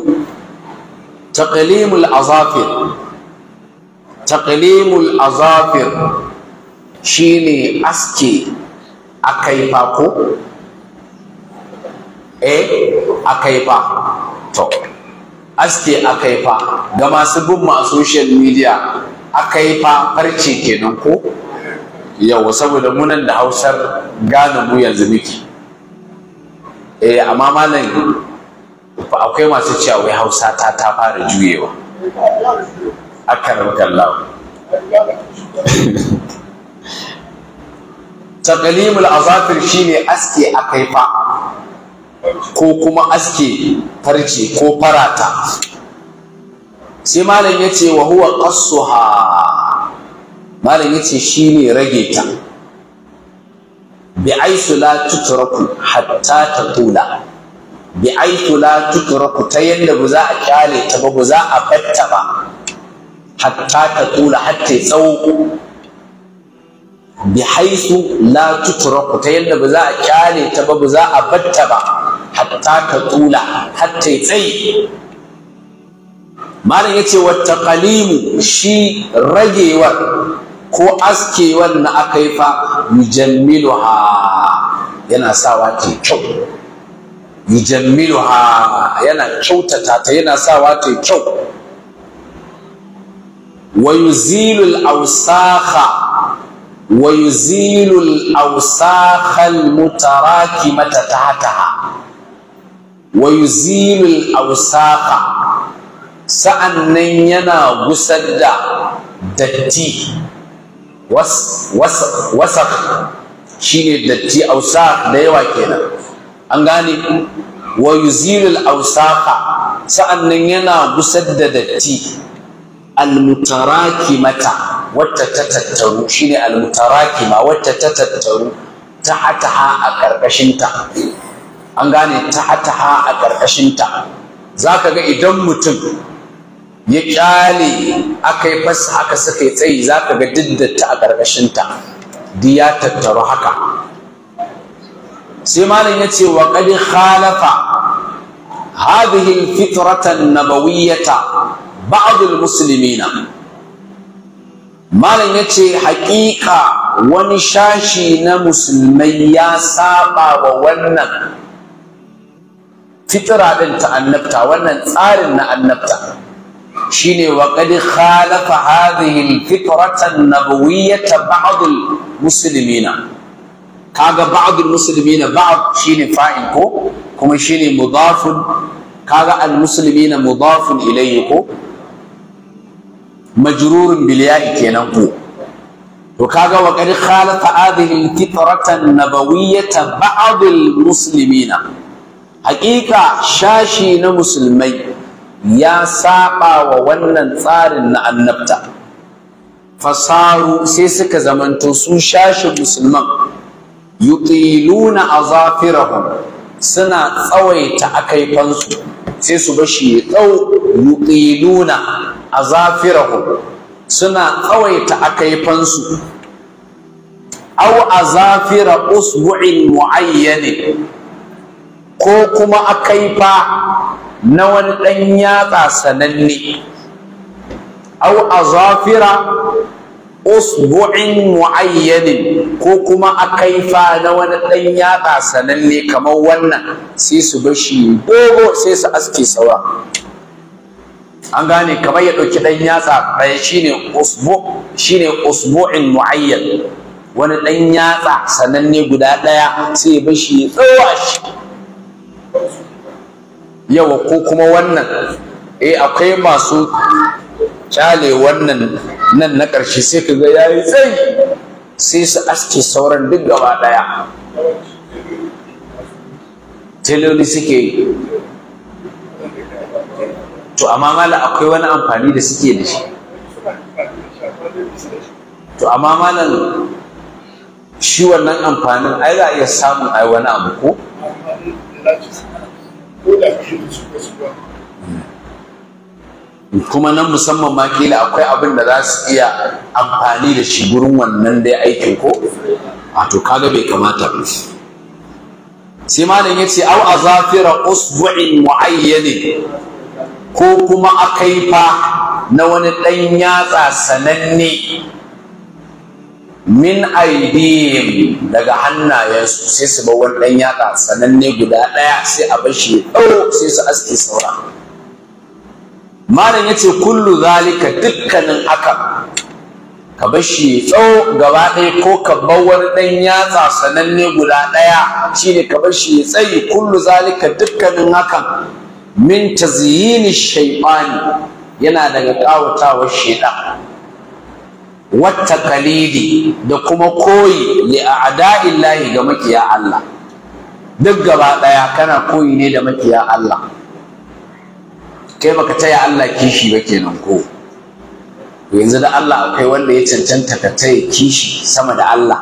taqlimul azafir taqlimul azafir shine aske akai ko eh yi fa to aske akai fa ga masu bin ma social media akai fa farce kenan ko yawa saboda munan da hausar gane mu yanzu miki eh amma malam fa akwai masu cewa wai hausa ta ta fara juyewa akarar kallawa [LAUGHS] taqlimul azafir shine aske akai fa ko kuma aske farce ko farata sai malam ya ce wa huwa qassuha malam ya ce shine rage ta bi aisu la tutraku hatta tatula bi aisu la tutraku ta yanda ba za a kyale ta ba ba za a batta ba hatta tatula hatta tsawo bi haisu la tutraku ta yanda ba za a kyale ta ba ba za a batta ba hatta ka tula hatta tsayi malam ya ce wata kalimu shi ragewar ko askewar na aka yi fa yujammiluha yana sawa ta kyau yujammiluha yana kyautata ta yana sawa ta kyau wa al awsakha wa al awsakha al mutarakimata tahtaha wa yuzilul awsaqa sa'annan yana gusar da datti wasaq shine datti awsaq da yawa kenan an gane wa yuzilul awsaqa sa'annan yana gusar da datti almutarakimata wacce ta tattaru shine almutarakima wacce ta tattaru ta ataha a ƙarƙashinta an gane tahataha a ƙarƙashinta za ka ga idan mutum ya ƙyale aka yi fasa haka suka yi tsayi za ka ga diddata a ƙarƙashinta di ya tattaru haka sai malam ya ce wa ƙadi khalafa hadhihi fitratan nabawiyyata ba'd al-muslimina malam ya ce haƙiƙa wani shashi na musulmai ya saɓa wa wannan fitira din ta annabta wannan tsarin na annabta shine wa qad khalafa hadhihi al-fitrata an-nabawiyyata ba'd al-muslimina kaga ba'd al-muslimina ba'd shine fa'il ko kuma shine mudafun kaga al-muslimina mudafun ilayhi ko majrurun bil ya'i kenan ko to kaga wa qad khalafa hadhihi al-fitrata an-nabawiyyata ba'd al haƙiƙa shashi na musulmai ya saba wa wannan tsarin na annabta fasaru sai suka zamanto su shashi musulman yutiluna azafirahum suna tsawaita akaifansu sai su bashi ya tsau yutiluna azafirahum suna tsawaita azafira usbu'in mu'ayyanin ko kuma akaifa na wani ɗan yatsa sananne au a zafira usbu'in mu'ayyanin ko kuma akaifa na wani ɗan yatsa sananne kamar wannan sai su bashi dogo sai su aske saura an gane kamar ya ɗauki ɗan yatsa ɗaya shine shine usbu'in mu'ayyan wani ɗan yatsa sananne guda ɗaya sai ya bashi tsawo a shi yawa ko kuma wannan eh akwai masu cale wannan nan na ƙarshe sai ka ga yayi tsayi sai su aske sauran duk gaba ɗaya teloli suke yi to amma mala akwai wani amfani da suke da shi to amma malam shi wannan amfanin ai za a iya samun ai wani abu ko kuma nan musamman ma kila akwai abin da za su iya amfani da shi gurin wannan dai aikin ko a to kaga bai kamata ba sai malam ya ce au azafira usbu'in muayyani ko kuma fa na wani ɗan yatsa sananne min aidihim daga hannayensu sai su bar wani ɗan yatsa sananne guda ɗaya sai a bashi ɗau sai su aske saura malam ya ce kullu zalika dukkanin aka ka bashi shi gaba ɗaya ko ka bar wani ɗan yatsa sananne guda ɗaya shine ka bashi tsayi kullu zalika dukkanin hakan min tazyini shaytani yana daga ƙawatawar shaiɗan wata kalidi da kuma koyi li a'da'illahi ga makiya Allah duk gaba daya kana koyi ne da makiya Allah kai baka taya Allah kishi ba kenan ko yanzu da Allah akwai wanda ya cancanta ka taya kishi sama da Allah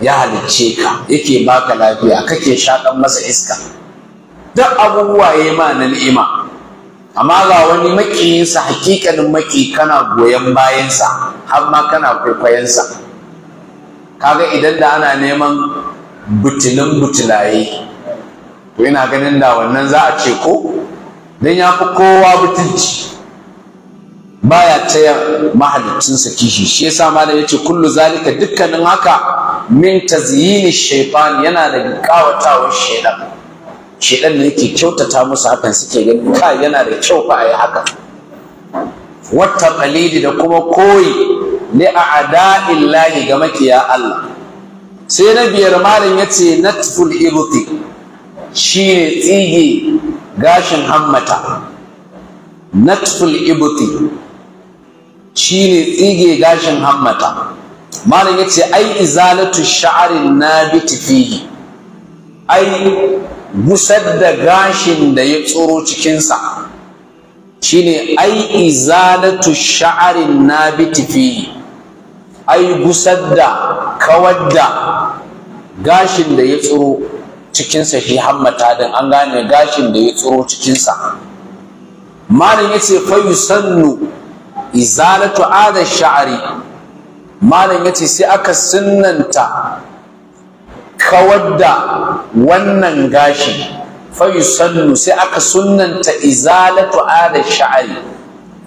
ya halicce ka yake baka lafiya kake shakan masa iska duk abubuwa ya ma na ni'ima amma ga wani makiyinsa hakikanin maki kana goyon bayansa har ma kana kwaikwayonsa, kaga idan da ana neman butulin butulaye to ina ganin da wannan za a ce ko don ya fi kowa butulci baya taya mahalicinsa kishi shi yasa ya ce kullu zalika dukkanin haka min tazyini shaytan yana da kawatawar shaytan ɗan da yake kyautata musu hakan suke gani ka yana da kyau fa yi haka wata qalidi da kuma koyi li illahi ga makiya Allah sai na biyar malam yace natful ibti ne tsige gashin hammata natful ibti ne tsige gashin hammata malam ce ai izalatu sha'arin na fihi ai busar da gashin da ya tsoro cikinsa shi ne ai izalatu sha'arin bi fi ai busar da kawar da gashin da ya tsoro cikinsa shi hammata din an gane gashin da ya tsoro cikinsa malam ce fa sannu izalatu ada sha'ari malam ce sai aka sunanta kawar da wannan gashi fayu Sannu sai aka sunanta izalatu ala sha'ari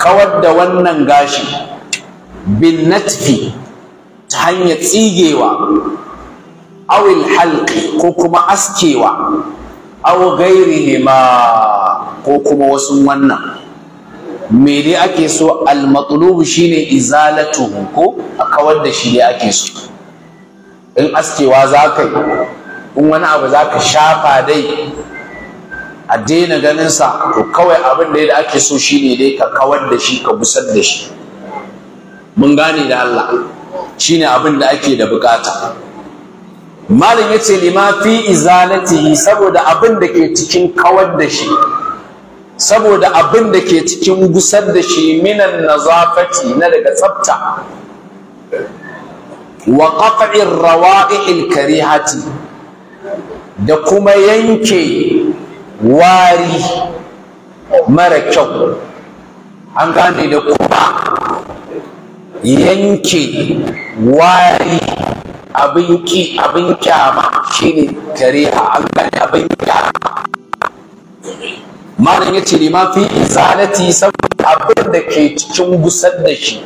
kawar da wannan gashi bin natfi ta hanyar tsigewa awil halki ko kuma askewa ne ma ko kuma wasu wannan me dai ake so al matlubu shine Izalatu ko a kawar da shi ne ake so in askewa za ka yi in wani abu za ka shafa dai a daina ganinsa to kawai abin da ake so shi ne dai ka kawar da shi ka busar da shi mun gane da Allah shi ne abin da ake da bukata malam ya ce lima fi izalatihi saboda abin da ke cikin kawar da shi saboda abin da ke cikin gusar da shi minan nazafati na daga tsafta wa qat'ir rawa'i'il karihati da kuma yanke wari mara kyau an gane da kuma yanke wari abin ki abin kyama shine kariha an gane abin kyama malam yace ne ma fi izalati saboda abin da ke cikin gusar da shi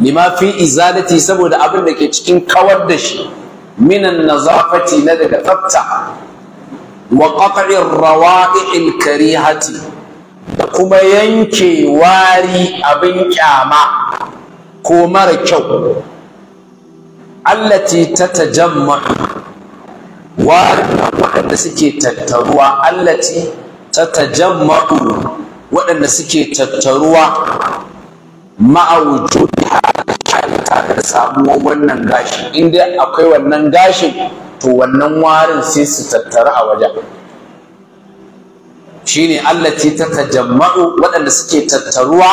lima fi izalati saboda abin da ke cikin kawar da shi minan nazafati na daga tsafta wa qat'ir rawa'i'il karihati da kuma yanke wari abin kyama ko mara kyau allati tatajamma waɗanda suke tattaruwa allati tatajamma waɗanda suke tattaruwa ma'awujudiha tare da samuwar wannan gashi in dai akwai wannan gashin to wannan warin sai su tattara a wajen Shi ne shine ta tatajamma'u waɗanda suke tattaruwa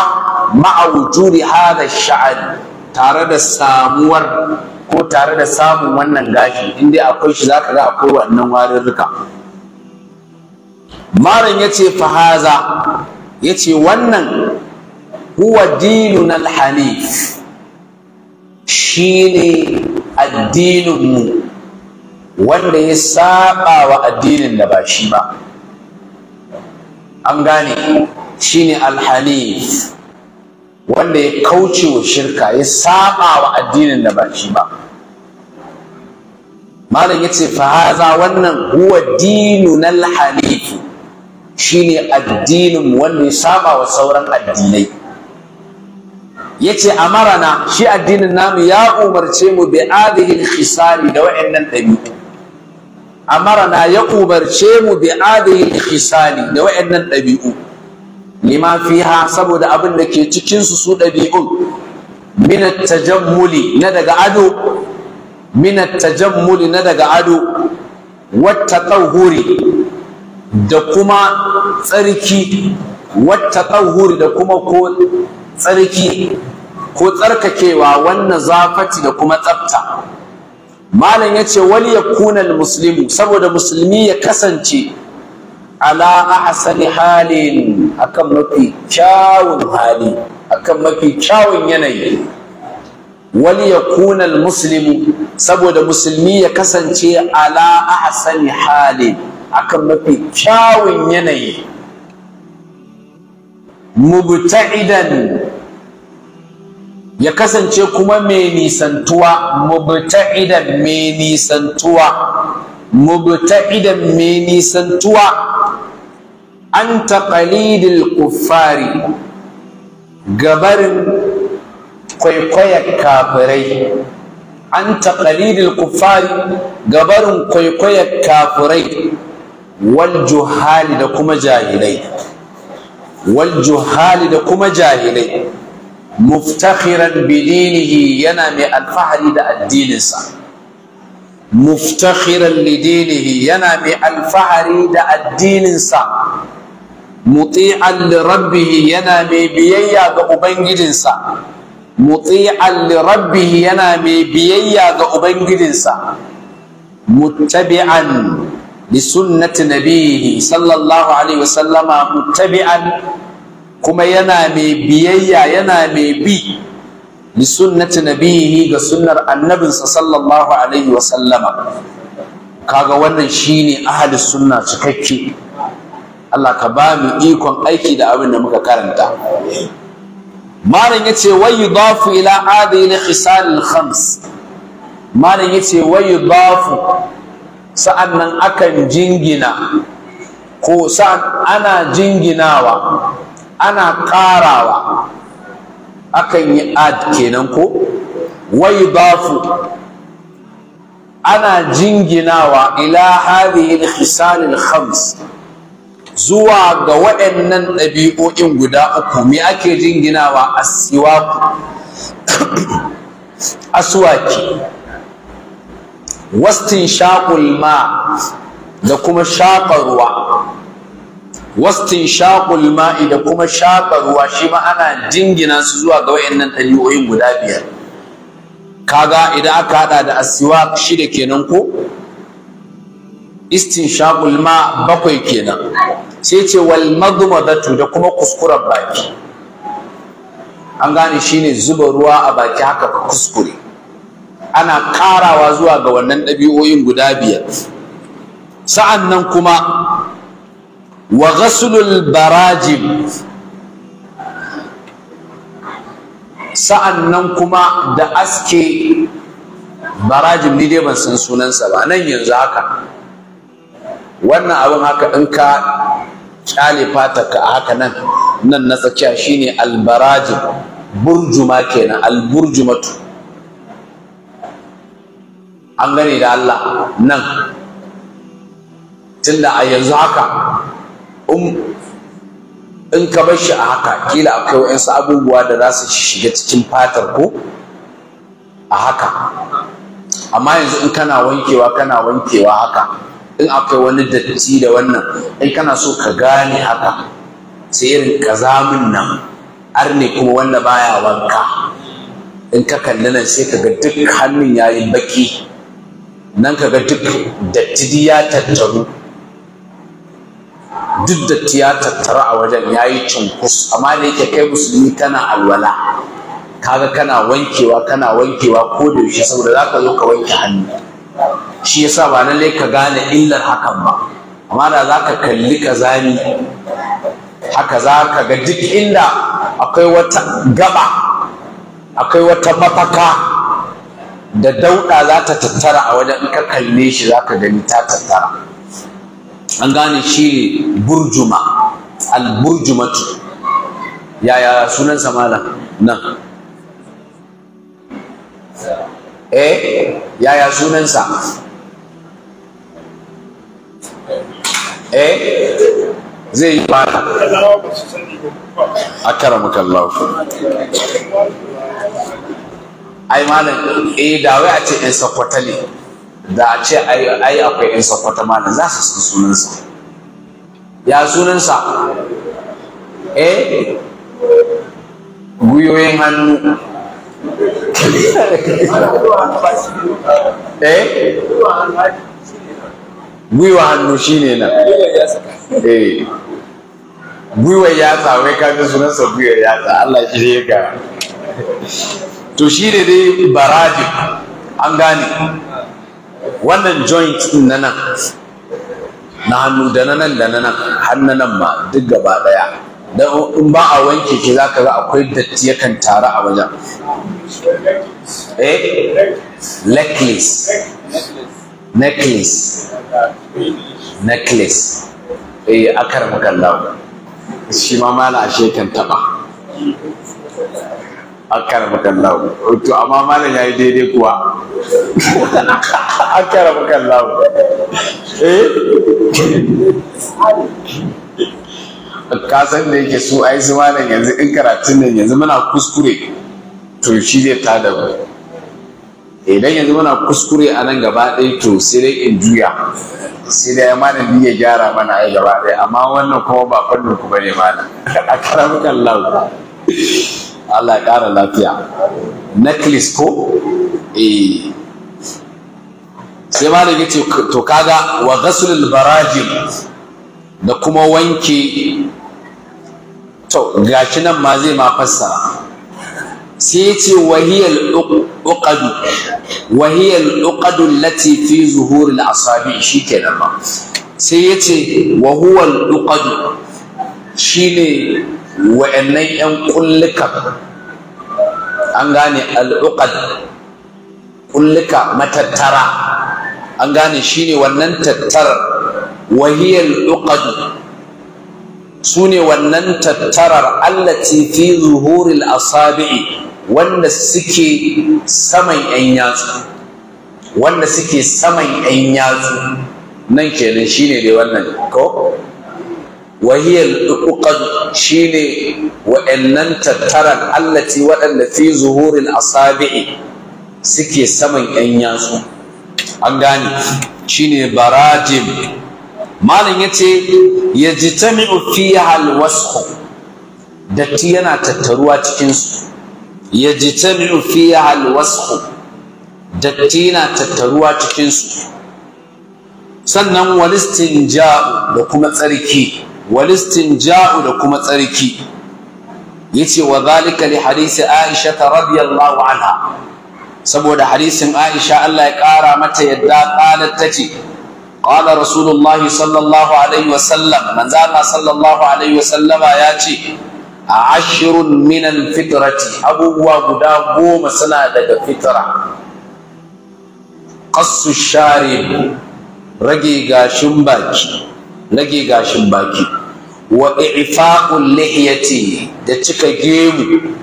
ma'awujudi hadha sha'ar tare da samuwar ko tare da samun wannan gashi in dai akwai shi za ka ga akwai wannan warirrika malam yace fahaza ce wannan huwa dinun alhanif shine addininmu wanda ya saba wa addinin da ba shi ba an gane shine alhanif wanda ya kauce wa shirka ya saba wa addinin da ba shi ba malam ya ce fahaza wannan huwa dinun alhanif shine addininmu wanda ya saba wa sauran addinai yace amarana shi addinin namu ya umarce mu bi adihil khisari da wa'annan dabi'u amarana ya umarce mu bi adihil khisari da wa'annan dabi'u lima fiha saboda abin da ke cikin su su dabi'un min at-tajammuli na daga ado min at-tajammuli na daga ado da kuma tsarki wattaqahuri da kuma ko tsarki ko tsarkakewa wannan zafati da kuma tsafta malam yace wal yakuna muslimu saboda musulmi ya kasance ala ahsani halin akan mafi kyawun hali akan mafi kyawun yanayi wal yakuna muslimu saboda musulmi ya kasance ala ahsani halin akan mafi kyawun yanayi mubta'idan ya kasance kuma mai nisantuwa mubta'idan mai nisantuwa mubta'idan mai nisantuwa an taqalidil kuffari gabarin kwaikwayar kafirai an taqalidil kuffari gabarin kwaikwayar kafirai wal juhali da kuma jahilai wal juhali da kuma jahilai muftakhiran bidinihi yana mai alfahari da addininsa muftakhiran lidinihi yana mai alfahari da addininsa muti'an li rabbihi yana mai biyayya ga ubangijinsa muti'an li rabbihi yana mai biyayya ga ubangijinsa muttabi'an بسنة نبيه صلى الله عليه وسلم متبعا كما ينا مي بيايا ينا مي بي بسنة نبيه سنة النبي صلى الله عليه وسلم kaga wannan shine ahli sunna cikakke Allah ka ba mu ikon aiki da abin da muka karanta malam yace wa yudafu ila hadhihi al-khisal khams malam yace wa yudafu sa'an nan akan jingina ko sa'an ana jinginawa ana ƙarawa akan yi ad kenan ko wai bafu ana jinginawa ila hadhihi al khams zuwa ga waɗannan ɗabi'o'in guda uku me ake jinginawa asiwaku [COUGHS] aswaki wastin shaƙul ma da kuma shaƙa ruwa wastin shaƙul ma'i da kuma shaƙa ruwa shi ma ana jingina su zuwa ga wayannan ɗabi'o'in guda biyar kaga idan aka haɗa da asiwa shida kenan ko shaƙul ma bakwai kenan sai ce wal madmadatu da kuma kuskuren baki an gane shine zuba ruwa a baki haka ka kuskure ana ƙarawa zuwa ga wannan ɗabi'o'in guda biyar sa'an nan kuma wa ghaslul barajim sa'an nan kuma da aske barajim ni dai ban san sunansa ba nan yanzu haka wannan abin haka in ka kyale fatarka a haka nan nan na tsakiya shine albarajin burjuma kenan alburjumatu an gane da Allah nan tunda a yanzu haka um, in ka bar shi a haka kila akwai wa'insu abubuwa da za su shiga cikin fatar ko a haka amma yanzu in kana wankewa kana wankewa haka in akwai wani datti da wannan in kana so ka gane haka sai irin kazamin nan arne kuma wanda baya wanka in ka kalli nan sai ka ga duk hannun yayin baki nan kaga duk datti ya tattaru duk datti ya tattaru a wajen ya yi cunkus amma da yake kai musulmi kana alwala kaga kana wankewa kana wankewa ko da yaushe saboda za ka zo ka wanke hannu shi yasa ba lallai ka gane illar hakan ba amma da za ka kalli ka zani haka za ka ga duk inda akwai wata gaba akwai wata mafaka da Dauda za ta tattara a wajen in ka kalle shi za ka gani ta tattara an gane shi ne burjuma alburjumatu yaya sunan samala nan eh yaya sunansa eh zai yi fara a karamukan lafi ai malam eh da wai a ce in ne da a ce ai akwai in malam za su san sunansa ya sunansa eh gwiwoyin hannu [LAUGHS] eh gwiwa hannu shine nan eh gwiwar yatsa wai kaji sunansa ya yatsa Allah shi ne ga to shi ne dai barajin an gane wannan joint ɗin na nan na hannu da na nan da na nan hannu nan ma duk gaba ɗaya don in ba a wanke ki za ka ga akwai datti yakan taru a wajen eh necklace necklace necklace eh akar makalla shi ma mala ashe kan taba akaramakallahu to amma malam yayi daidai kuwa akaramakallahu eh ka san da yake su ai su malam yanzu in karatun nan yanzu muna kuskure to shi zai ta mu idan yanzu muna kuskure a nan gaba ɗaya to sai dai in juya sai dai ya malam biya gyara mana ai gaba ɗaya amma wannan kuma ba fannin ku bane malam a karamukan lau Allah ya ƙara lafiya necklace ko eh sai ma da ce to kaga wa ghaslul barajil da kuma wanke to gashi nan ma zai ma fassara sai ya ce wahiyal uqadu wahiyal uqadu allati fi zuhuril asabi shikenan ma sai ya ce wa huwal uqadu shine wa'annan 'yan kullukan an gane al'uqad kulluka matattara an gane shine wannan tattara wahiyal uqad sune wannan tattarar allati fi zuhuril asabi'i wanda suke saman 'yan yatsu wanda suke saman 'yan yatsu nan kenan shine dai wannan ko wahiyar uqad shine waɗannan tattaran allati waɗanda fi zuhurin asabi'i suke saman yan yatsu an gane shine barajim malam yace yajtami'u fiha alwasq datti yana tattaruwa cikin su yajtami'u fiha alwasq datti yana tattaruwa cikin su sannan walistinja'u da kuma tsarki والاستنجاء لكم تركي يتي وذلك لحديث عائشة رضي الله عنها سبود حديث عائشة الله يقارى متى يدى قالت تتي قال رسول الله صلى الله عليه وسلم من زال صلى الله عليه وسلم ياتي عشر من الفطرة أبو غدا قوم سنة الفطرة قص الشارب رقي قاشم باكي rage gashin baki wa i'fa'ul lihiyati da cika gemu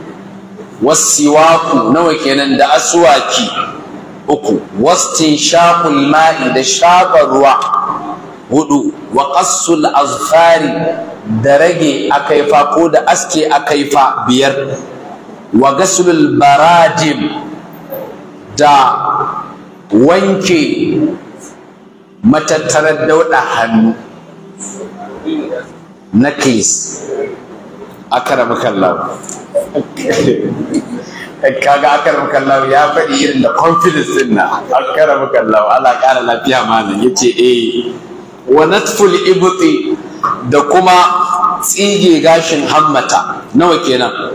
wasiwaku nawa kenan da aswaki uku wastinshaqul ma'i da shaƙa ruwa hudu wa qassul azfari da rage akaifa ko da aske akaifa biyar wa gaslul barajim da wanke matattarar dauɗa hannu necklace akaram kallahu kaga akaram kallahu ya faɗi irin da confidence din na akaram kallahu Allah ƙara lafiya malam yace eh wa natful ibti da kuma tsige gashin hammata nawa kenan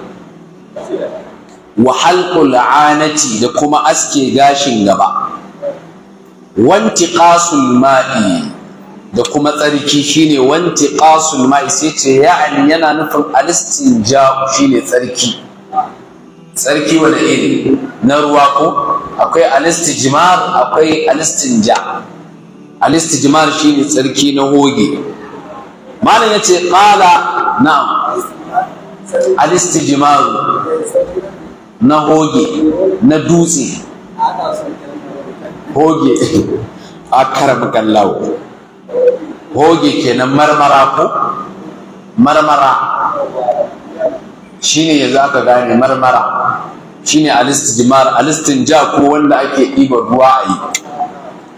wa halqul anati da kuma aske gashin gaba Wanti wantiqasul ma'i da kuma tsarki shine wanti qasul ma'i sai ce ali yana nufin ja shine tsarki tsarki wani iri na ruwa ko akwai alistijmar akwai alistinja alistijmar shine tsarki na hoge malam yace qala na'am alistijmar na hoge na dutse hoge [LAUGHS] a karamin kallawo hoge kenan marmara ko marmara shine yanzu aka gane marmara shine alistijmar alistinja ko wanda ake diba ruwa a yi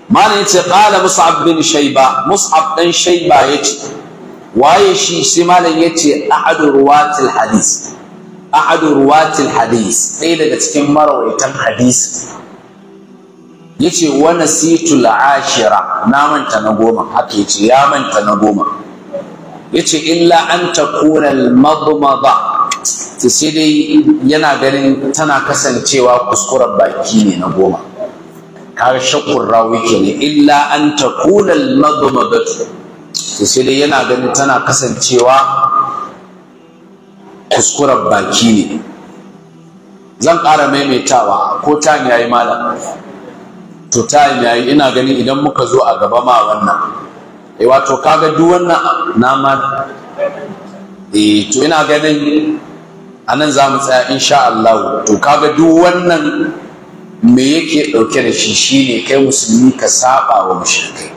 malam yace qala mus'ab bin shayba mus'ab dan shayba yace waye shi sai malam yace ahadu ruwatil hadis ahadu ruwatil hadis ɗaya daga cikin marawaitan hadisi yace wa nasitul ashira na manta na goma haka yace ya manta na goma yace illa an takuna al madmada ta sai dai yana ganin tana kasancewa kuskuren baki ne na goma kaga shakkun rawi ne. illa an takuna al madmadatu ta sai dai yana ganin tana kasancewa kuskuren baki ne zan ƙara maimaitawa ko ta yayi malam to time yayi ina gani idan muka zo a gaba ma wannan eh wato kaga duk wannan nama eh to ina ganin anan za mu tsaya insha Allah to kaga duk wannan me yake dauke da shi shine kai musulmi ka saba wa mushrikai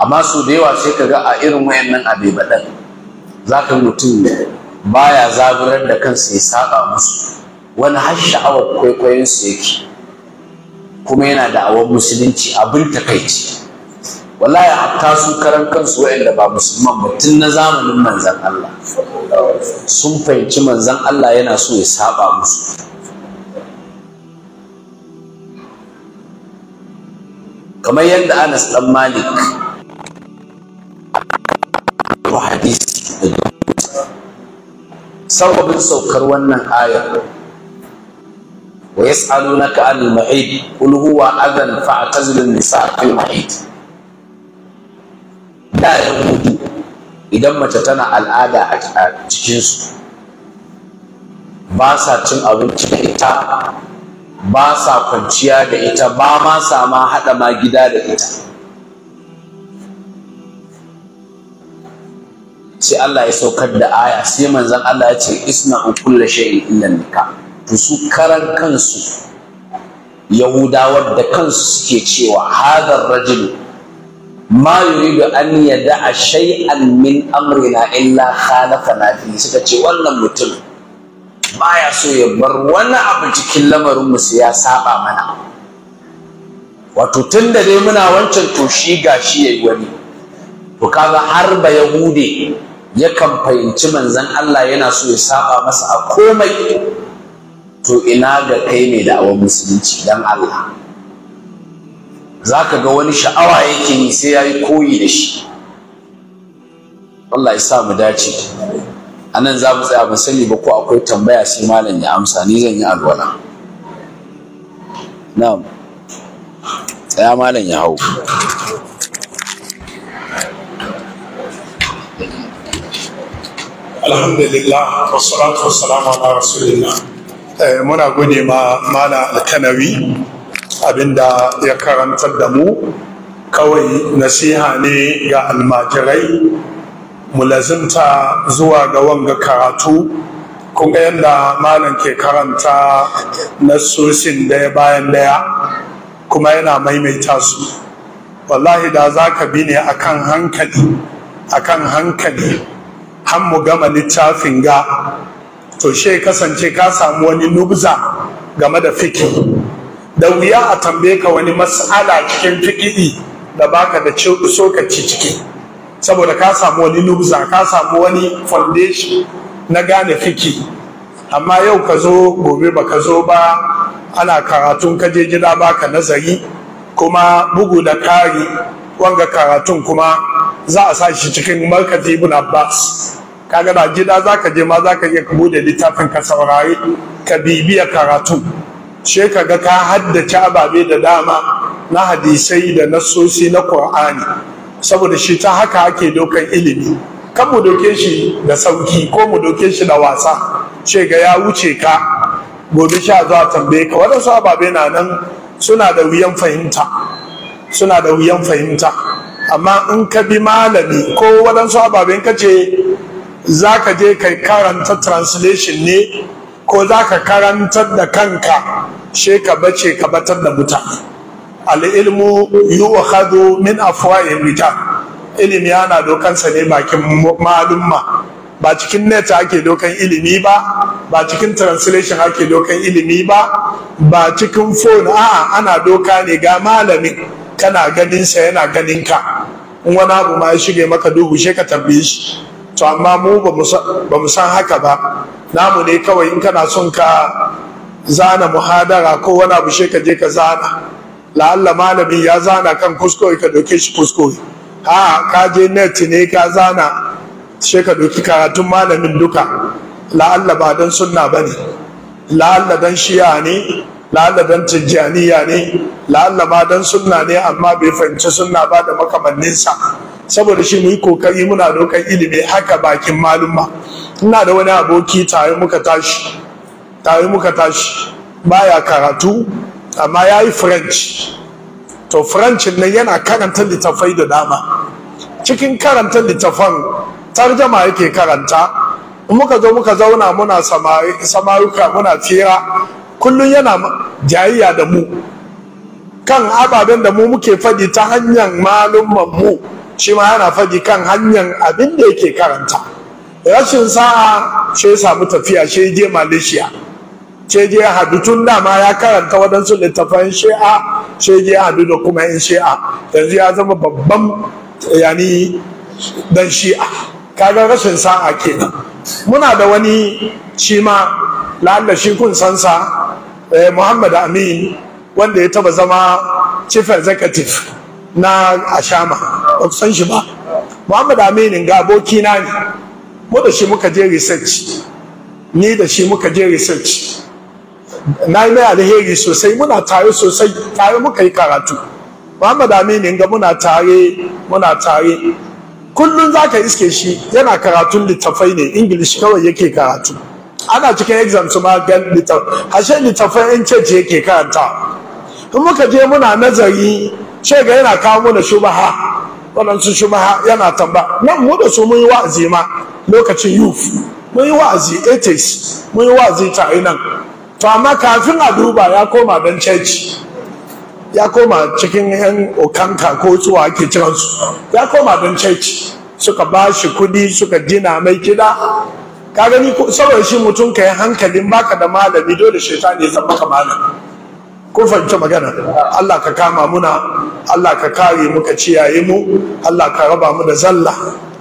amma su da yawa sai kaga a irin wayannan abebadan zaka mutum baya zaburar da kansa ya saba musu wani har sha'awar kwaikwayonsu yake kuma yana da awon musulunci abin takaici wallahi hatta su karan kansu waɗanda ba musulman ba tun na zamanin manzan Allah sun fahimci manzan Allah yana so ya saba musu kamar yadda Anas dan Malik hadisi sababin saukar wannan ayar wa yas'alunaka anil mahid qul huwa adhan fa'tazilu nisa fil mahid da yan hudu idan mace tana al'ada a cikinsu ba sa cin abinci da ita ba sa kwanciya da ita ba ma sa ma haɗa ma gida da ita sai Allah ya saukar da aya sai manzon Allah ce isna kulla sha'in illa nikah su karan kansu yahudawar da kansu suke cewa hadar rajin. ma da an a shay'an min amrina illa na fi suka ce wannan mutum baya so ya bar wani abu cikin lamarin mu ya saba mana wato tun da dai muna wancan to shi ya yi wani to kaga har ba ya yahude yakan fahimci manzan Allah yana so ya saba masa a komai to ina ga kai mai da'awar musulunci dan Allah za ka ga wani sha'awa yake yi sai ya yi koyi da shi Allah ya sa mu dace a nan za mu tsaya mu sani ba ko akwai tambaya sai malam ya amsa ni zan yi alwala na'am tsaya malam ya hau alhamdulillah wassalatu wassalamu ala rasulillah Eh, muna gode ma mala alkanawi abinda ya karantar da mu kawai nasiha ne ga almajirai lazimta zuwa ga wanga karatu kun ga yadda malam ke karanta nassosin daya bayan daya kuma yana maimaita su wallahi da za ka bi ne akan hankali akan hankali har mu gama littafin ga to she kasance ka samu wani nubza game da fiki da wuya a tambaye ka wani mas'ala cikin fikidi da baka da sokaci ciki saboda ka samu wani nubza ka samu wani foundation na gane fiki amma yau ka zo gobe ba ka zo ba ana karatun kaje gida ba ka nazari kuma bugu da kari wanga karatun kuma za a sa shi cikin markazi ibn abbas kaga da gida ka je ma ka iya da littafin ka saurari ka bibiya karatu she kaga ka haddace ababe da dama na hadisai da nasosi na Qur'ani saboda shi ta haka ake dokan ilimi kan mu doke shi da sauki ko mu doke shi da wasa ce ga ya wuce ka gobe sha zuwa tambaye ka waɗansu ababe na nan suna da wuyan fahimta suna da wuyan fahimta amma in ka bi malami ko waɗansu ababen ka ce za ka je kai karanta translation ne ko za ka karantar da kanka she ka bace ka batar da mutane al'ilmu yu'khadhu min afwahil rijan ilimi ana dokansa ne bakin malumma ba cikin net ake dokan ilimi ba ba cikin translation ake dokan ilimi ba ba cikin phone a'a ana doka ne ga malamin kana ganin sa yana ganin ka in wani abu ma ya shige maka duhu she ka tambaye shi to amma mu ba mu san haka ba namu ne kawai in kana son ka zana muhadara ko wani abu ka je ka zana la'alla malamin ya zana kan kuskure ka doke shi kuskure Ha ka je net ne ka zana she ka doki karatun malamin duka la'alla ba dan sunna bane la'alla dan shi'a ne la'alla dan tijjaniya ne la'alla ma dan sunna ne amma bai fahimci sunna ba da makamanninsa saboda shi mu yi kokari muna ɗaukar ilimi haka bakin malumma ina da wani aboki tare muka tashi tare muka tashi baya karatu amma ya yi french to french nan yana karanta littafai da dama cikin karanta littafan tarjama yake karanta muka zo muka zauna muna samaruka muna fira kullum yana jayayya da mu kan ababen da mu muke faɗi ta hanyar malumman mu shi ma yana faɗi kan hanyar abin da yake karanta rashin sa'a shi samu tafiya shi je malaysia shi je hadu tun dama ya karanta waɗansu littafan shi'a shi je hadu da kuma yin shi'a yanzu ya zama babban yani dan shi'a kaga rashin sa'a kenan muna da wani shi ma la'alla shi kun sansa eh, muhammad amin wanda ya taba zama chief executive na ashama ba san shi ba Muhammad Aminin ga aboki na ne mu da shi muka je research ni da shi muka je research na yi mai alheri sosai muna tare sosai tare muka yi karatu Muhammad Aminin ga muna tare muna tare kullun zaka iske shi yana karatun littafai ne English kawai yake karatu ana cikin exam su ma gan littafai hashe littafai in ce yake karanta in muka je muna nazari shega yana kawo mana shubaha waɗansu ma yana tamba nan mu da su mun yi wa'azi ma lokacin yuf mun yi wa'azi etes mun yi wa'azi ta nan to amma kafin a duba ya koma dan church ya koma cikin yan okanka ko tsuwa ake kiransu ya koma dan church suka ba shi kudi suka gina mai kida ka gani saboda shi mutum ka yi hankalin baka da malami dole shaitani ne zama ka malami kun fahimci magana Allah ka kama muna Allah ka kare mu ka ciyaye mu Allah ka raba mu da zalla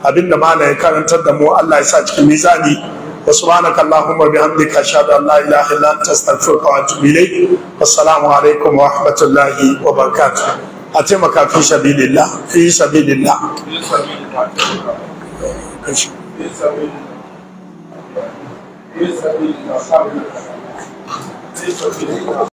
abinda mana ya karantar da mu Allah ya sa cikin mizani wa subhanaka allahumma bihamdika ashhadu an la ilaha illa anta astaghfiruka wa atubu ilayk alaikum wa rahmatullahi wa barakatuh a taimaka fi sabilillah fi sabilillah Thank you.